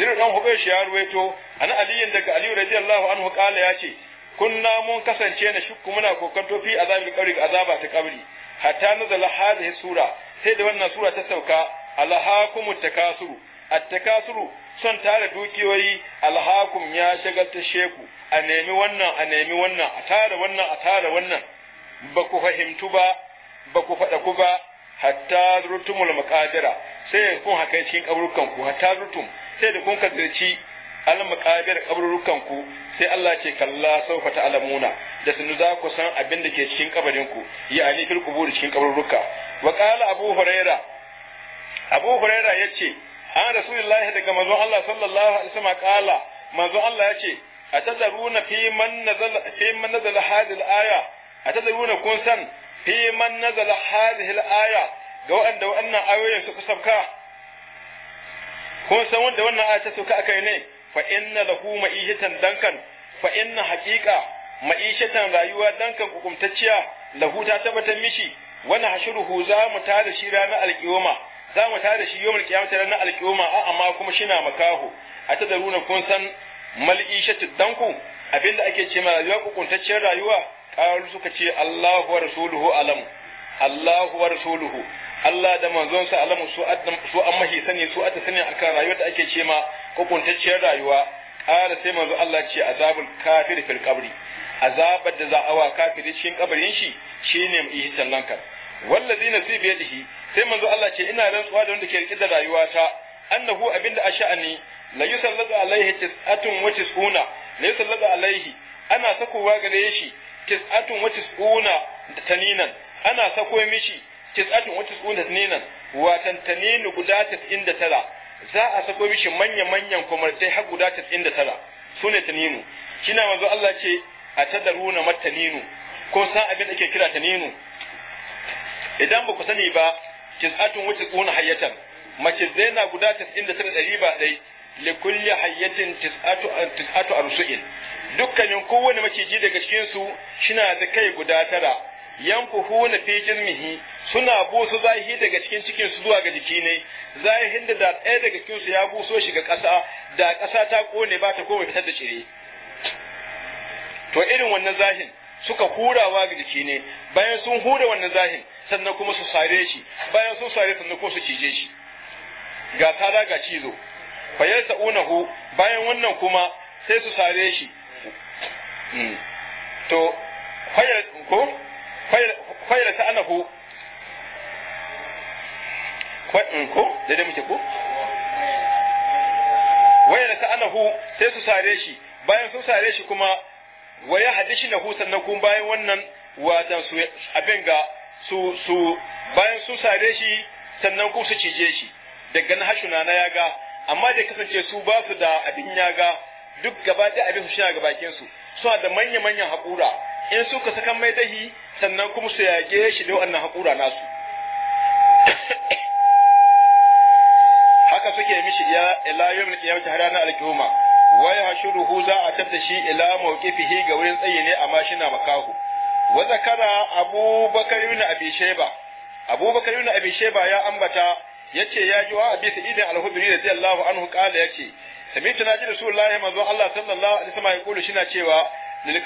zirran hubaysh ya ruwaito an aliyin daga aliyu radiyallahu anhu kala ya ce kunna mun kasance na shukku muna kokanto fi azabil qabri ga azaba ta qabri hatta nazala hadhihi sura sai da wannan sura ta sauka alhaakumut takasuru at-takasuru son tare dukiyoyi alhaakum ya shagalta sheku a nemi wannan a nemi wannan a tara wannan a tara wannan ba ku fahimtu ba ba ku faɗa ku ba hatta rutumul maqadira sai kun haka cikin kaburukan ku hatta rutum sai da kun kazirci al muqabir kabrurukan sai Allah ce kalla saufa alamuna, da sunu za ku san abin da ke cikin kabarin ku ya ani fil qubur cikin kabruruka wa qala abu huraira abu huraira yace an rasulullahi daga manzon Allah sallallahu alaihi wasallam qala manzon Allah yace atazaruna fi man nazala fi man nazala hadhihi al-aya atazaruna kun san fi man nazala hadhihi al-aya ga waɗanda wannan ayoyin suka sabka kun san wanda wannan aya ta sauka akai ne fainna inna lahu ma'ishatan dankan fa inna haqiqa ma'ishatan rayuwa dankan hukumtacciya lahu ta tabbatar mishi wani hashuruhu za mu tada shi ranar alƙiyoma za mu tada shi yawon ranar alƙiyoma a amma kuma shina makaho a ta daruna kun san mal'ishatu danku abinda ake ce ma rayuwa hukumtacciyar rayuwa qalu suka ce Allahu wa rasuluhu alam Allahu wa rasuluhu Allah da manzonsa alamu su an mahi sani su ata sani akan rayuwar da ake ce ma hukuntacciyar rayuwa ƙara sai manzo Allah ce azabul kafir fil qabri azabar da za a wa kafiri cikin kabarin shi shine mu yi tallanka wallazi nasibi yadihi sai manzo Allah ce ina rantsuwa da wanda ke rike da rayuwata annahu abinda asha'ani la yusallatu alaihi tis'atun wa tis'una la yusallatu alaihi ana sakowa gare shi tis'atun wa tis'una taninan ana sako mishi tis'atun wa tis'una sininan watan taninu guda tis'in da tara za a sako mishi manya-manyan kumartai har guda tis'in da tara su ne taninu kina manzo Allah ce a mata mataninu ko san abin da ke kira taninu idan ba ku sani ba tis'atun wa tis'una hayyatan mace zaina guda tis'in da tara ɗari ba ɗai likulli hayyatin tis'atu arsu'in dukkanin kowane maciji daga cikin su shina da kai guda tara na fi jilmihi suna busu zahi daga cikin cikin su zuwa ga jiki ne zahihin da ɗaya daga cikin su ya buso shi ga ƙasa da ƙasa ta kone ba ta koma fitar da cire to irin wannan zahin suka hurawa ga jiki ne bayan sun hura wannan zahin sannan kuma su sare shi bayan sun sare sannan kuma su cije shi ga tara ga cizo fayar ta'unahu bayan wannan kuma sai su sare shi hmm. to fayar ko fayar sha'anahu mm, ko dai muke ko ta anahu sai su sare shi bayan sun sare shi kuma waya hadishi na sannan kun bayan wannan watan su abin ga su su bayan sun sare shi sannan ku su cije shi daga na hashuna na yaga amma da kasance su ba su da abin yaga duk gaba da abin su shi ga bakin su suna da manya-manyan haƙura in suka saka mai dahi sannan kuma su yage shi da wannan haƙura nasu haka suke mishi ya ila yawmin qiyamati har ranar alkiyama wa hu za a tabda shi ila mawqifihi ga wurin tsaye ne amma shi na makahu wa zakara abubakar ibn Abi Shayba abubakar ibn Abi Shayba ya ambata yace ya ji wa Abi Sa'id al hudri radiyallahu anhu kala yace sami tunaji Rasulullahi manzo Allah sallallahu alaihi wasallam ya kula shi na cewa lil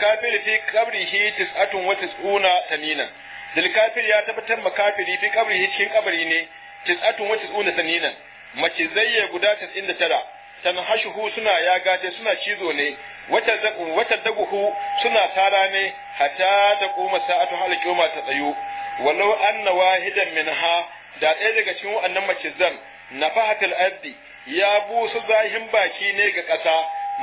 kafiri ya tabbatar ma kafiri fi qabrihi cikin kabari ne tis'atun wa tis'una tanina mace zayya guda 99 tanhashuhu suna ya gaje suna cizo ne wata daguhu suna tara ne hatta ta koma sa'atu hal kiyoma ta tsayu. walau anna wahidan minha da ɗaya daga cikin wannan macizan na fahatul ardi ya busu zahin baki ne ga ƙasa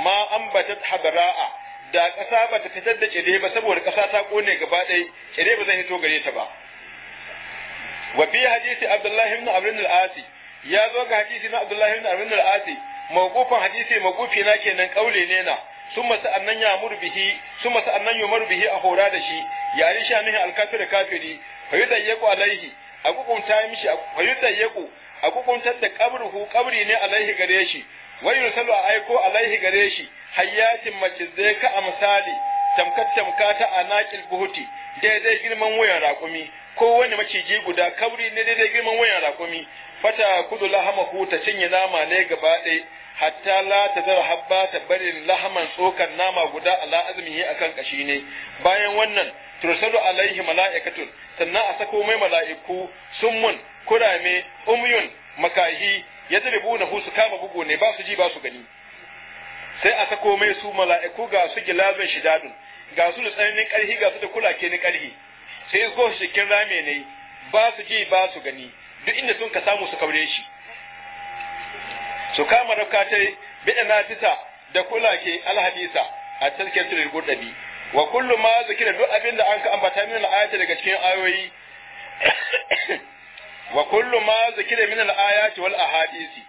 ma an ambatat habara'a da ƙasa ba ta fitar da ƙire ba saboda ƙasa ta ƙone gaba ɗaya ƙire ba zai hito gare ta ba wa fi hadisi abdullahi ibn abdul al-asi ya zo ga hadisi na abdullahi ibn abdul al-asi mawqufan hadisi mawqufi na kenan kaule ne na summa sa'annan ya murbihi summa sa'annan yumaru bihi a hora da shi ya ri sha mihi al-kafir kafiri fa yudayyaku alaihi a hukunta mishi fa yudayyaku a hukuntar da kabruhu kabri ne alaihi gare shi wa yursalu aiko alaihi gare shi hayatin mace zai ka amsali tamkat tamka ta naqil buhuti daidai girman wayan rakumi ko wani maciji guda kauri ne daidai girman wayan rakumi fata kudu lahama huta cinye nama ne gaba ɗaya hatta la ta zara habba ta bari lahaman tsokan nama guda ala azmihi akan kashi ne bayan wannan tursalu alaihi mala'ikatun sannan a sako mai mala'iku summun kurame umyun makahi Ya hu su kama bugu ne ba su ji ba su gani sai a sako su mala'iku ga su gilazun shidadun ga su da tsananin ƙarhi ga su da kulake na ƙarhi sai go shi cikin rame ne ba su ji ba su gani duk inda sun ka samu su kaure shi su kama rafka ta bida na tita da kulake alhadisa a cikin tulil gurdabi wa kullu ma zikira duk abin da an ka ambata min al'ayata daga cikin ayoyi wa kullu ma zikira min al-ayati wal ahadisi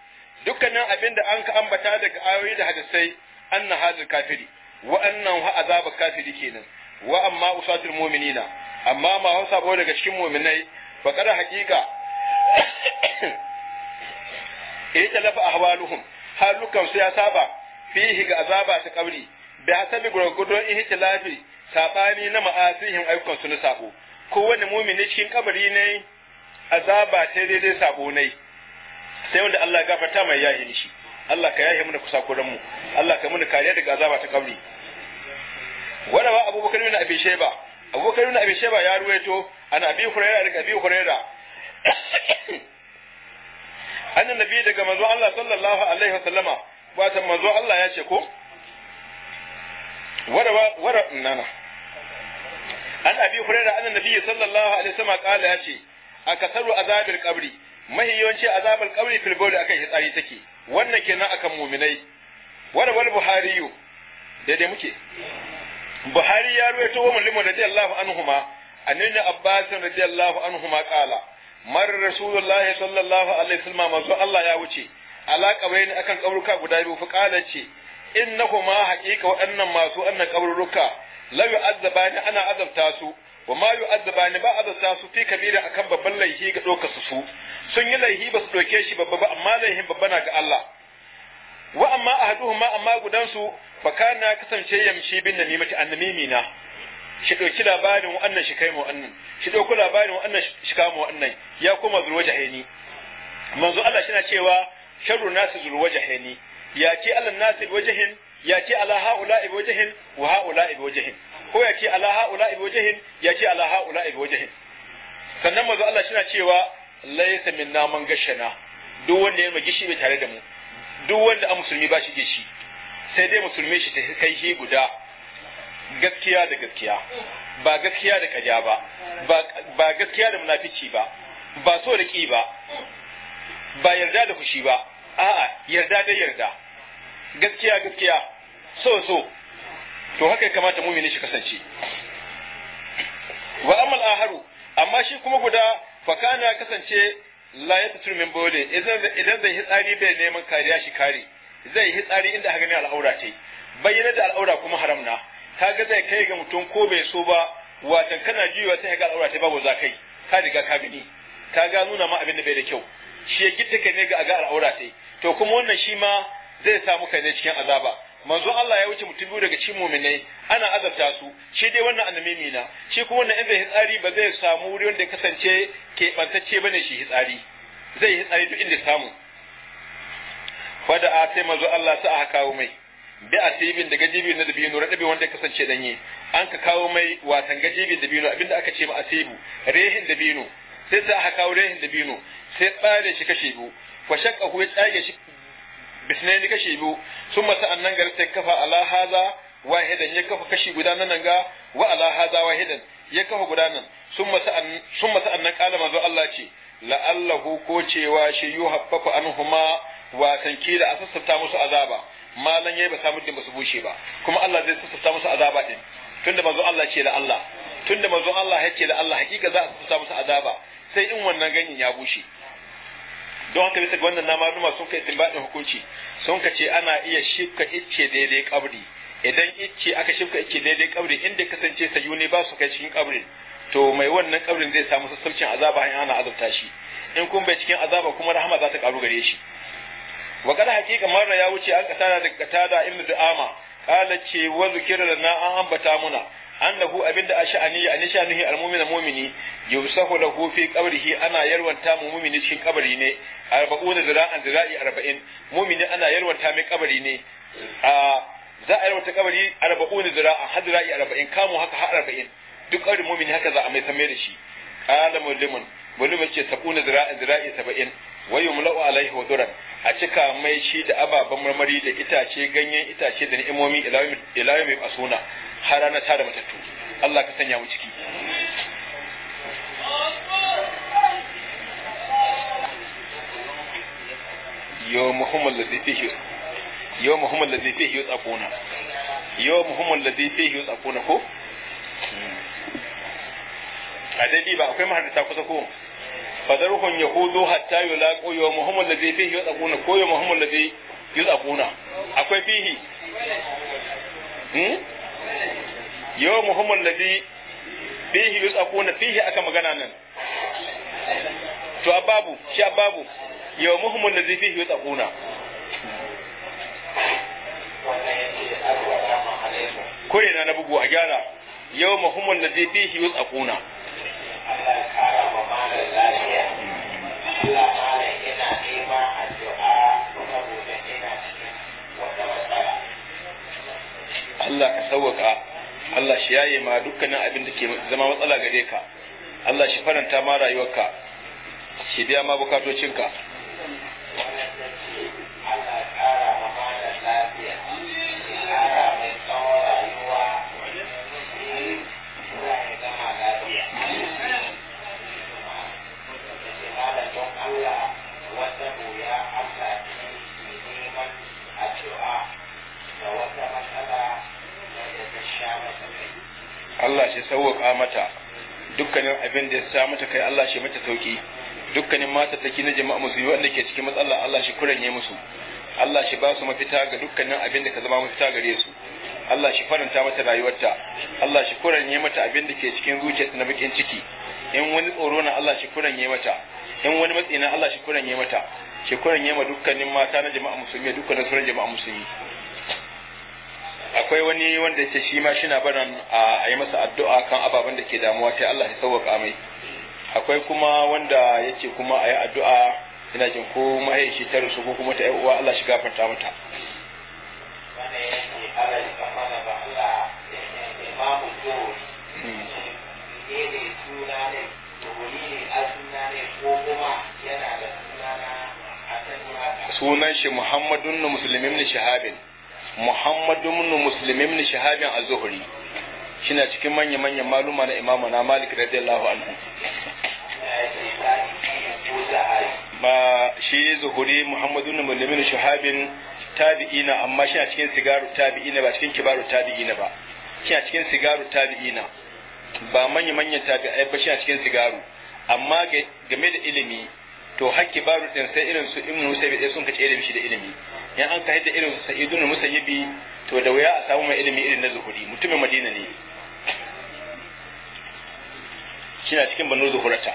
dukkanin abinda an ka ambata daga ayoyi da hadisai anna hadal kafiri wa annan ha azaba kafiri kenan wa amma usatul mu'minina amma ma hausa bo daga cikin mu'minai fa kada haqiqa eh talafa ahwaluhum halukan su ya saba fihi ga azaba ta kabri bi hasabi gurgudun ihtilafi sabani na ma'asihim ayyukan su na sabo kowane mumini cikin kabari ne azaba ta daidai sabo nai sai wanda Allah gafarta mai yahi shi, Allah ka yahi mana kusakuran mu Allah ka muna kariya daga azaba ta kabri wanda ba abubakar bin abi shayba abubakar bin abi shayba ya ruwaito ana abi hurairah daga abi hurairah annan nabi daga manzo Allah sallallahu alaihi wasallama wata manzo Allah ya ce ko wara wara nana an abi hurairah annan nabi sallallahu alaihi wasallama kala ya ce akasaru azabil qabri yawanci azabul qabri fil bawl akan hitsari take wannan kenan akan muminai wani wal buhariyu dai muke buhari ya ruwaito wa mulmu radiyallahu anhuma annabi abbas radiyallahu anhuma qala mar rasulullahi sallallahu alaihi wasallam manzo Allah ya wuce ala kabarin akan kaburuka guda biyu fa qala ce innahuma haqiqa waɗannan masu annan kaburuka la yu'azzabani ana azabta su wa ma yu'azzabani ba azata su fi kabira akan babban laihi ga doka su su sun yi laihi ba su doke shi babba ba amma laihin babba na ga Allah wa amma ma amma gudan su fa kana kasance yamshi bin namimati annamimi na shi ɗauki labarin wa'annan shi kai mu wa'annan shi doki labarin wa'annan shi kama annan ya koma zulwaja haini manzo Allah shi na cewa sharru nasu zulwaja haini ya ce Allah nasu wajahin ya ce ala haula ibi wajihin wa haula ibi wajihin ko ya ce ala haula ibi wajihin ya ce ala haula ibi wajihin sannan manzo Allah shi na cewa laysa minna man gashana duk wanda ya yi gishi bai tare da mu duk wanda a musulmi ba shi gishi sai dai musulmi shi ta kai shi guda gaskiya da gaskiya ba gaskiya da kaja ba ba gaskiya da munafici ba ba so da ki ba ba yarda da fushi ba a'a yarda da yarda gaskiya gaskiya so so to haka ya kamata mumini shi kasance wa amal aharu amma shi kuma guda fakana ya kasance la ya tutur min bole idan zai hitsari bai neman kariya shi kare zai hitsari inda haka ne al'aura ce bayyana da al'aura kuma haram na kaga zai kai ga mutum ko bai so ba watan kana jiwa sai ga al'aura ta babu za kai ka riga ka ka ga nuna ma abin da bai da kyau shi ya gitta kai ne ga aga al'aura ce to kuma wannan shi ma zai samu kai ne cikin azaba manzo Allah ya wuce mutum biyu daga cikin muminai ana azabta su shi dai wannan annamimi na shi kuma wannan in zai hitsari ba zai samu wuri wanda kasance ke bantacce bane shi hitsari zai hitsari duk inda samu fada a sai manzo Allah sa aka kawo mai bi a tibin da gajibi na da binu radabi wanda ya kasance danye an ka kawo mai watan gajibi da binu abinda aka ce ma asibu rehin da binu sai sa aka kawo rehin da binu sai tsare shi kashe biyu fa shakka ya tsage shi ni kashi biyu sun mata annan gari sai kafa ala haza wahidan ya kafa kashi guda nan ga wa ala haza wahidan ya kafa guda nan sun masa annan kala manzo Allah ce la'allahu ko cewa shi yuhaffafu anhuma wa tanki da a sassafta musu azaba malan yayi ba samu din ba su bushe ba kuma Allah zai sassafta musu azaba din tunda manzo Allah ce la Allah tunda manzo Allah ya ce da Allah hakika za a sassafta musu azaba sai in wannan ganyen ya bushe don haka bisa ga wannan na maluma sun kai timbadin hukunci sun ka ce ana iya shifka icce daidai kabri idan icce aka shifka icce daidai kabri inda kasance sayuni ba su kai cikin kabrin to mai wannan kabrin zai samu sassaucin azaba in ana azabta shi in kun bai cikin azaba kuma rahama za ta karu gare shi wa kada hakika marra ya wuce an kasara daga katada ibnu du'ama kala ce wa da na an ambata muna annahu abinda a sha'ani a nishanuhi almu'mina mu'mini yusahu lahu fi qabrihi ana yarwanta mu mu'mini cikin kabari ne 40 zira'an zira'i 40 mu'mini ana yarwanta mai kabari ne a za a yarwanta kabari 40 zira'an har zira'i 40 kamu haka har 40 duk kabari mu'mini haka za a mai same da shi qala mullimun mullimun ce 70 zira'an zira'i 70 wayu mula'u alaihi huduran a cika mai shi da ababen marmari da itace ganyen itace da ni'imomi ila yawmi asuna har rana ta da matattu Allah ka sanya mu ciki yau muhammad ladhi fihi yau muhammad ladhi fihi yutsaquna yau muhammad ladhi fihi yutsaquna ko hmm. a dai ba akwai mahaddata kusa ko fadaruhun yahudu hatta yulaqu yau muhammad ladhi fihi yutsaquna ko yau muhammad ladhi yutsaquna akwai fihi hmm yau muhammad ladi fihi yusakuna fihi aka magana nan to ababu shi ababu yau muhammad ladi fihi yusakuna kure na na bugu a gyara yau muhammad ladi fihi yusakuna Allah Allah ka sauwaka Allah shi yaye ma dukkanin abin da ke zama matsala gare ka Allah shi faranta ma rayuwarka shi biya ma bukatocinka Allah shi sauwaka mata dukkanin abin da ya sa mata kai Allah shi mata sauki dukkanin mata take na jama'a musu wanda ke cikin matsala Allah shi kuranye musu Allah shi ba su mafita ga dukkanin abin da ka zama mafita gare su Allah shi faranta mata rayuwarta Allah shi kuranye mata abin da ke cikin zuciyarta na bakin ciki in wani tsoro na Allah shi kuranye mata in wani matsi na Allah shi kuranye mata shi kuranye ma dukkanin mata na jama'a musulmi dukkanin sauran jama'a musulmi akwai wani wanda yake shi ma shi na barin a yi masa addu'a kan ababen da ke damuwa sai Allah ya sauwaka mai akwai kuma wanda yake kuma a yi addu'a ina jin ko mahaishi ta rusu ko kuma ta yi uwa Allah shi gafarta mata sunan shi Muhammadun Musulmin Shahabin muhammadu ibn muslim ibn shahabin az-zuhri shina cikin manya manyan maluma na imamu na malik radiyallahu anhu ba shi zuhuri muhammadu ibn muslim ibn shahabin tabi'ina amma a cikin sigaru tabi'ina ba cikin kibaru tabi'ina ba a cikin sigaru tabi'ina ba manya manyan tabi'ai ba shina cikin sigaru amma game da ilimi to hakki baru din sai irin su ibn Musa bai sun kace ilimi shi da ilimi in an kai da irin sa'idun musayyibi to da wuya a samu mai ilimi irin na zuhuri mutumin madina ne shina cikin banu zuhurata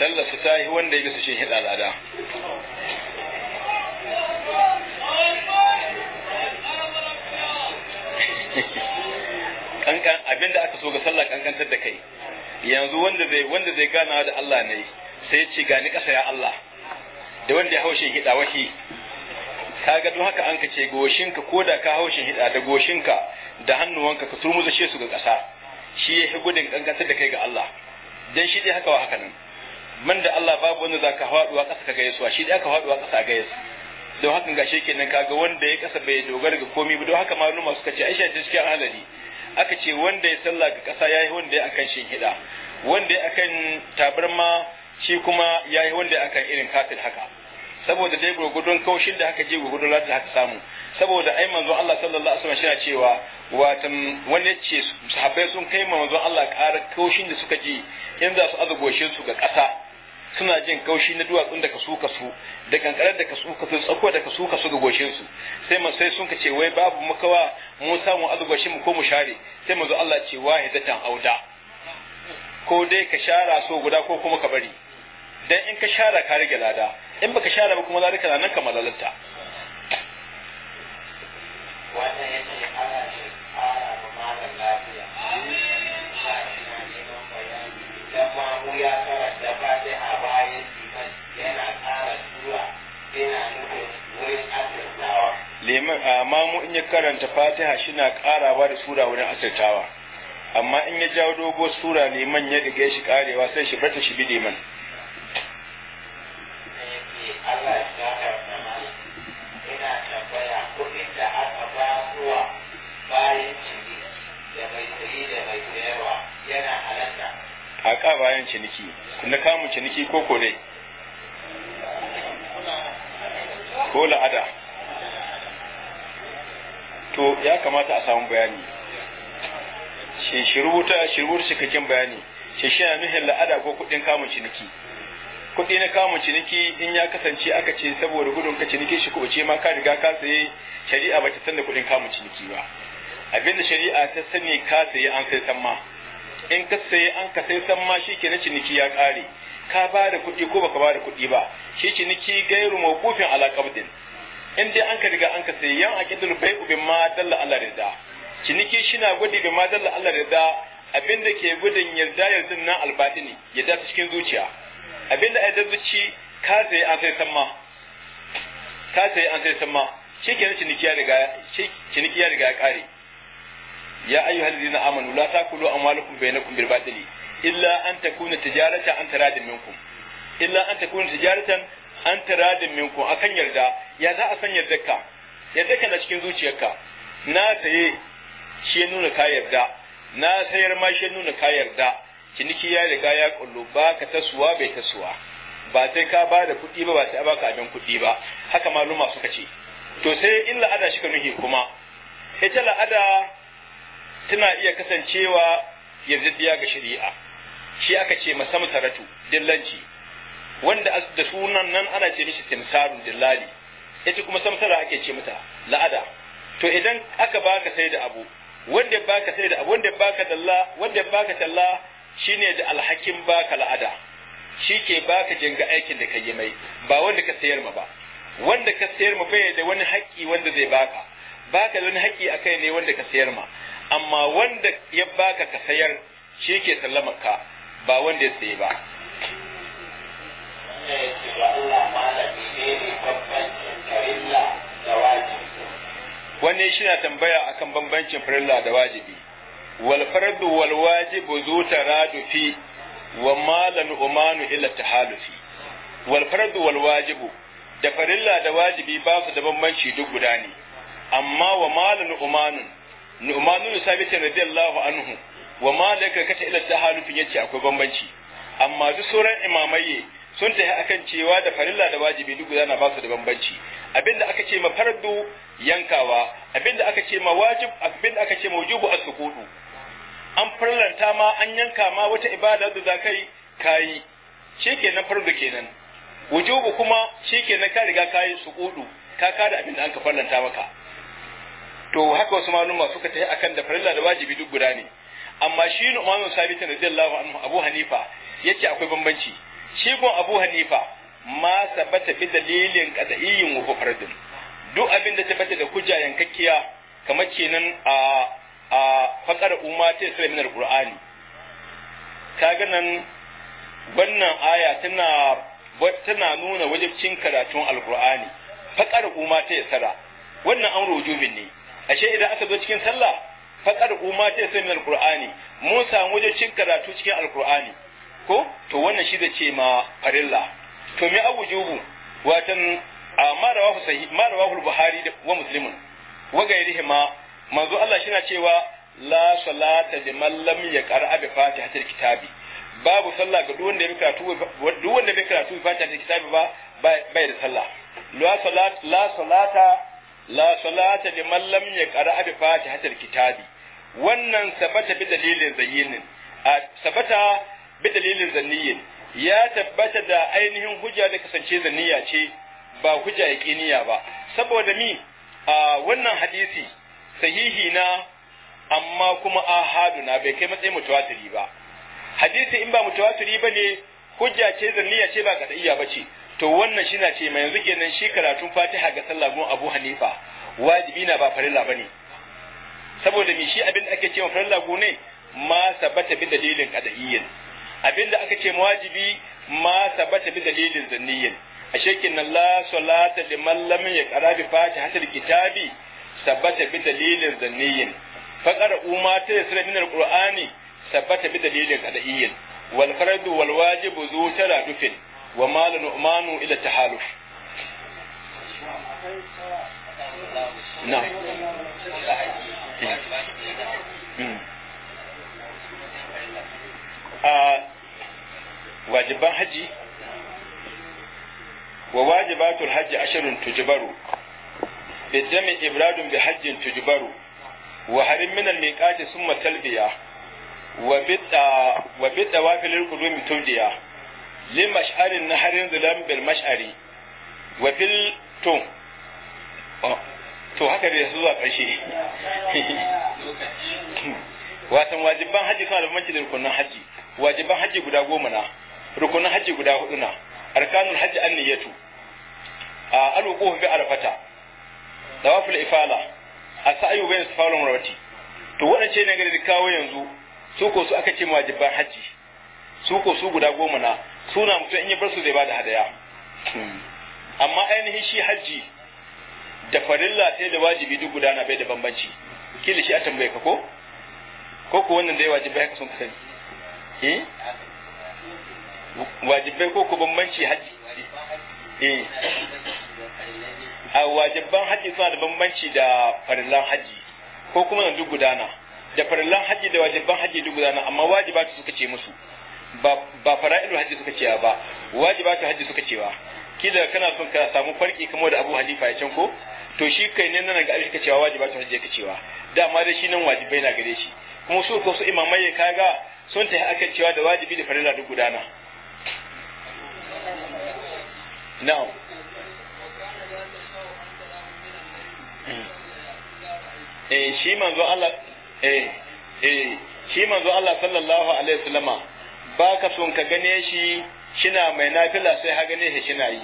sallar su ta yi wanda ya gasa shi hidda al'ada kankan abinda aka so ga sallah kankantar da kai yanzu wanda zai wanda zai gana da Allah ne sai ce gani kasa ya Allah da wanda ya haushe hida wahi kaga don haka an ka ce goshinka ko da ka haushe hida da goshinka da hannuwanka ka turmuzashe su ga kasa shi ya gudun kankantar da kai ga Allah dan shi dai haka wa haka nan man da Allah babu wanda zaka haɗuwa ƙasa ka gaisuwa shi dai aka haɗuwa ƙasa gaisuwa don haka gashe kenan kaga wanda ya kasa bai dogara ga komai ba don haka maluma suka ce aisha ta cikin alali aka ce wanda ya sallah ga kasa yayi wanda ya akan shin hida wanda ya akan tabarma shi kuma yayi wanda ya akan irin kafir haka saboda dai gurgudun kaushin da haka je gurgudun lati haka samu saboda ai manzon Allah sallallahu alaihi wasallam shi cewa watan wanda ce sahabbai sun kai manzon Allah ƙara kaushin da suka ji in za su azugoshe su ga ƙasa suna jin kaushi na duwatsun da ka suka su da kankarar da ka suka su tsakuwa da ka suka su ga goshin su sai mu sai sun ce wai babu makawa mu samu azgoshin mu ko mu share sai mu zo Allah ce wahidatan auda ko dai ka shara so guda ko kuma ka bari dan in ka shara ka rage lada in baka shara ba kuma za ka nan ka malalata wannan yake ana ce ƙara ma malam lafiya ya ma mu ya liman mamu in ya karanta fatiha shi na karawa da sura wurin asirtawa amma in ya jawo dogo sura liman ya diga shi karewa sai shi bata shi bi liman a ƙa bayan ciniki na kamun ciniki ko dai ko la'ada to ya kamata a samu bayani shi shi rubuta shi rubuta cikakken bayani Shin shi na nuhin la'ada ko kudin kamun ciniki kudi na kamun ciniki in ya kasance aka ce saboda gudun ka ciniki shi kuɓuce ma ka riga ka tsaye shari'a ba ta san da kudin kamun ciniki ba abinda shari'a ta sani ka tsaye an sai san ma in ka tsaye an ka sai san ma shi ke na ciniki ya ƙare ka ba da kuɗi ko baka ba da kuɗi ba shi ciniki gairu mawqufin ala qabdin in dai an ka riga an ka sai yan aqidul bai'u bi ma dalla Allah rida ciniki shina gudi bi ma dalla Allah rida abinda ke gudun yarda yardin nan albatini ya ta cikin zuciya abinda ai zuci ka sai an sai samma ka sai an sai samma shikenan ciniki ya riga niki ya riga ya kare ya ayyuhal ladina amanu la takulu amwalakum bainakum bil batili illa an ta takuna tijaratan an taradin minku. illa an ta takuna tijaratan an taradin minkum akan yarda ya za a san ka? yardarka ka na cikin zuciyarka na saye shi ya nuna ka yarda na sayar ma shi ya nuna ka yarda ciniki ya riga ya kullu ba ka tasuwa bai tasuwa ba sai ka ba da kuɗi ba ba sai ba ka abin kuɗi ba haka maluma suka ce to sai in la'ada shi ka nuhi kuma ita la'ada tana iya kasancewa yanzu ga shari'a shi aka ce masamsaratu dillanci wanda da sunan nan ana ce mishi timsarun dillali ita kuma samsara ake ce mata la'ada to idan aka baka sai da abu wanda baka sai da abu wanda baka dalla wanda baka talla shine da alhakin baka la'ada shi ke baka jinga aikin da ka yi mai ba wanda ka sayar ma ba wanda ka sayar ma bai da wani haƙƙi wanda zai baka baka da wani haƙƙi akai ne wanda ka sayar ma amma wanda ya baka ka sayar shi ke sallamar ka ba wanda ya tsaye ba wannan shi na tambaya akan bambancin farilla da wajibi wal fardu wal wajibu zu taradufi wa malan umanu illa tahalufi wal fardu wal wajibu da farilla da wajibi ba su da bambanci duk guda ne amma wa malan umanu nu'manu sabitin radiyallahu anhu wa malaka kata ila tahalufin yace akwai bambanci amma duk sauran imamai sun tafi akan cewa da farilla da wajibi duk guda na ba su da bambanci abinda aka ce ma fardu yankawa abinda aka ce ma wajib abinda aka ce ma wujubu as-sukutu an farlanta ma an yanka ma wata ibada da zakai kayi shikenan fardu kenan wujubu kuma shikenan ka riga kai sukudu ka kada abinda an ka farlanta maka to haka wasu maluma suka tafi akan da farilla da wajibi duk guda ne amma shi Nu'man Sabit radiyallahu anhu Abu Hanifa yace akwai bambanci shi gon Abu Hanifa ma sabata bi dalilin qad'iyyin wa fardun duk abin da tabbata da hujja yankakkiya kamar kenan a a faqara umma ta isra alqur'ani kaga nan wannan aya tana tana nuna wajibcin karatun alqur'ani Fakar umma ta sara. wannan amru wujubin ne ashe idan aka zo cikin sallah faƙar ma ta isa alqur'ani mun samu cin karatu cikin alqur'ani ko to wannan shi da ce ma farilla to me awujubu watan ma rawahu sahih mara rawahu buhari wa muslimun wa gairihi ma manzo Allah shi na cewa la salata liman lam yaqra bi fatihatil kitabi babu sallah ga duk wanda bai karatu duk wanda bai karatu bi fatihatil kitabi ba bai da sallah la salata la salata la salata liman lam yaqra bi fatihatil wannan sabata bi dalilin zayyinin sabata bi dalilin zanniyin ya tabbata da ainihin hujja da kasance zanniya ce ba hujja yaqiniya ba saboda mi a wannan hadisi sahihi na amma kuma na bai kai matsayin mutawatiri ba hadisi in ba mutawatiri bane hujja ce zanniya ce ba kadaiya bace to wannan shi na ce mai yanzu kenan shi karatun fatiha ga sallah gun abu hanifa wajibi na ba farilla ba ne saboda mi shi abin da ake ce farilla gu ne ma sabata bi dalilin qada'iyyin abin da aka ce wajibi ma sabata bi dalilin zanniyin ashe kenan la salata liman lam yaqra bi fatihatil kitabi sabata bi dalilin zanniyin faqara umma ta yasra min alqur'ani sabata bi dalilin qada'iyyin wal fardu wal wajibu zu taradufin ومال نعمان إلى التحالف نعم آه، واجبان حجي وواجبات الحج عشر تجبر بالدم إبراد بحج تجبر وحرم من الميقات ثم تلبية وافل القدوم تلبية لمشعر النهر ظلام بالمشعر وفي التوم to haka da zuwa ƙarshe watan wajiban haji suna da bambanci da rukunin haji wajiban haji guda goma na rukunin haji guda hudu na arkanul haji an niyyatu a alwuquhu bi arfata dawaful ifala asa'yu bayn safarin rawati to waɗance ne gari kawo yanzu su ko su aka ce wajiban haji su ko su guda goma na suna mutum in yi bar su zai bada hadaya amma ainihin shi hajji da farilla sai da wajibi duk guda na bai da bambanci kila shi a tambaye ka ko ko ko wannan da ya wajibai haka sun ka sani eh wajibai ko ko bambanci hajji eh a wajibban hajji suna da bambanci da farillan hajji ko kuma nan duk gudana da farillan hajji da wajibban hajji duk gudana amma wajiba su suka ce musu ba fara'ilul hajji suka cewa ba wajibatul hajji suka cewa Ki da kana son ka samu farki kamar da Abu Hanifa ya can ko to shi kai ne nan ga abin ka cewa wajibatul hajji ka cewa dama da shi nan wajibai na gare shi kuma su ko su imamai kaga sun ta aka cewa da wajibi da farilla duk gudana now eh shi manzo Allah eh eh shi manzo Allah sallallahu alaihi wasallama ba ka son ka gane shi shina mai nafila sai ha gane shi shina yi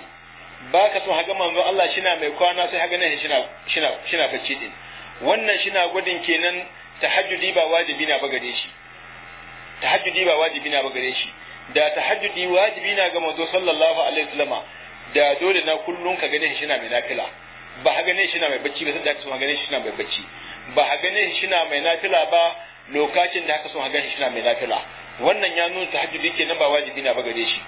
ba ka son haga manzo Allah shina mai kwana sai ha gane shi shina shina shina bacci din wannan shina gudun kenan tahajjudi ba wajibi na ba gare shi tahajjudi ba wajibi na ba gare shi da tahajjudi wajibi na ga manzo sallallahu alaihi wasallam da dole na kullun ka gane shi shina mai nafila ba ha gane shi shina mai bacci ba sai da ka son ha gane shi shina mai bacci ba ha gane shi shina mai nafila ba lokacin da aka so a gashi shi na mai nafila wannan ya nuna tahajjudi nan ba wajibi na ba gare shi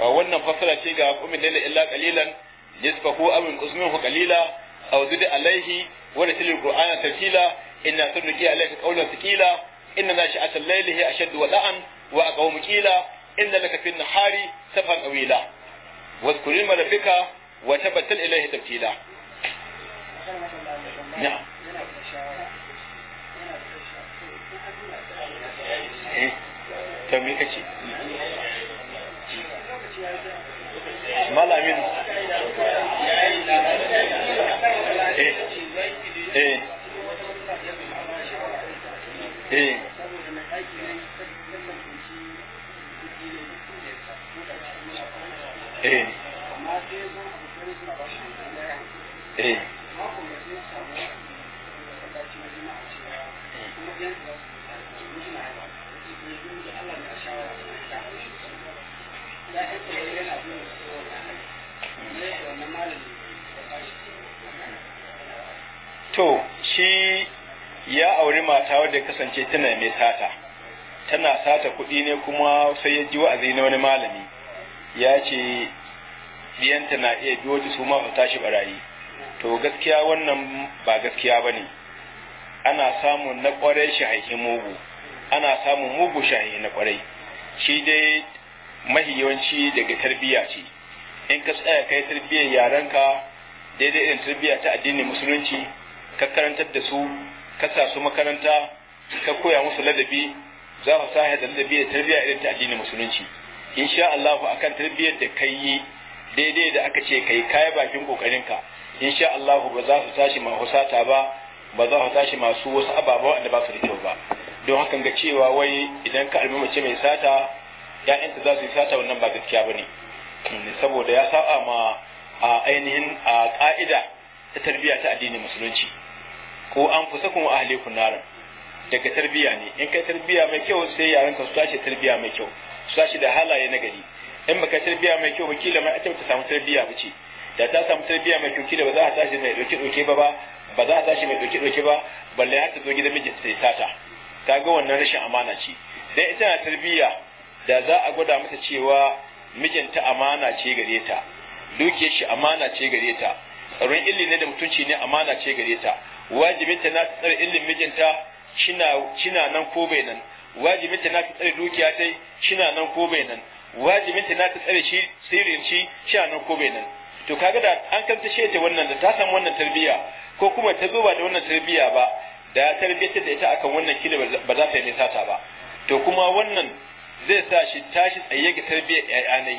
wannan fasara ce ga umin laila illa qalilan nisfahu aw usmihu qalila aw zid alayhi, wa ratil qur'ana tartila inna sunnuki alayka qawlan thaqila inna nashi'at al-layli ashaddu wala'an wa aqawmu qila inna laka fi an-nahari safan awila wa dhkur ilma rabbika wa tabattal ilayhi tabtila na'am ta eh, to kace malamin eh, eh, eh. to shi ya auri mata wadda kasance tana mai sata tana sata kuɗi ne kuma sai ya ji wa'azi na wani malami ya ce biyanta na iya biyo ta su ma su tashi barayi to gaskiya wannan ba gaskiya ba ne ana samun na kwarai shahihin mugu ana samun mugu shahihi na kwarai shi dai mahi yawanci daga tarbiyya ce in ka tsaya kai tarbiyyar yaranka daidai irin tarbiyya ta addinin musulunci ka karantar da su ka sa su makaranta ka koya musu ladabi za ku sa da ladabi da tarbiyya irin ta addinin musulunci insha Allah akan tarbiyyar da kai yi daidai da aka ce kai kai bakin ka insha Allah ba za su tashi ma husata ba ba za su tashi masu wasu ababa wanda ba su da kyau ba don hakan ga cewa wai idan ka almama ce mai sata ya'yanta za su yi sata wannan ba gaskiya bane saboda ya saba ma a ainihin a ka'ida ta tarbiyya ta addinin musulunci ko an fusa kuma ahli kunara daga tarbiya ne in kai tarbiya mai kyau sai yaran ka su tashi tarbiya mai kyau su tashi da halaye na gari in baka tarbiya mai kyau wakila mai ta samu tarbiya ba ce da ta samu tarbiya mai kyau kila ba za a tashi mai doke doke ba ba ba za a tashi mai doke doke ba balle har ta zo gidan mijin ta sata ta ga wannan rashin amana ce dan ita na tarbiya da za a gwada mata cewa mijinta amana ce gare ta dukiyar shi amana ce gare ta tsaron illi ne da mutunci ne amana ce gare ta wajibinta na ta tsare ilin mijinta shina nan ko bai nan wajibinta na ta tsare dukiya ta shina nan ko bai nan wajibinta na ta tsare shi sirrin shi shina nan ko bai nan to kaga da an kanta shi ta wannan da ta samu wannan tarbiyya ko kuma ta zo ba da wannan tarbiyya ba da ya tarbiyyar da ita akan wannan kila ba za ta yi sata ba to kuma wannan zai sa shi tashi tsaye ga tarbiyyar ƴaƴanai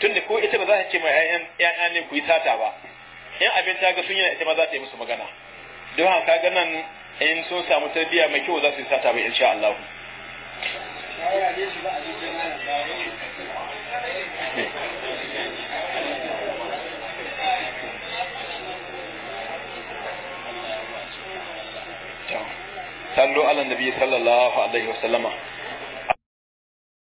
tunda ko ita ba za ta ce ma ƴaƴan ƴaƴanai ku yi sata ba in abin ta ga sun yana ita ma za ta yi musu magana don haka ga nan in sun samu tarbiyya mai kyau za su yi sata bai insha Allah sallu ala nabi sallallahu alaihi wasallama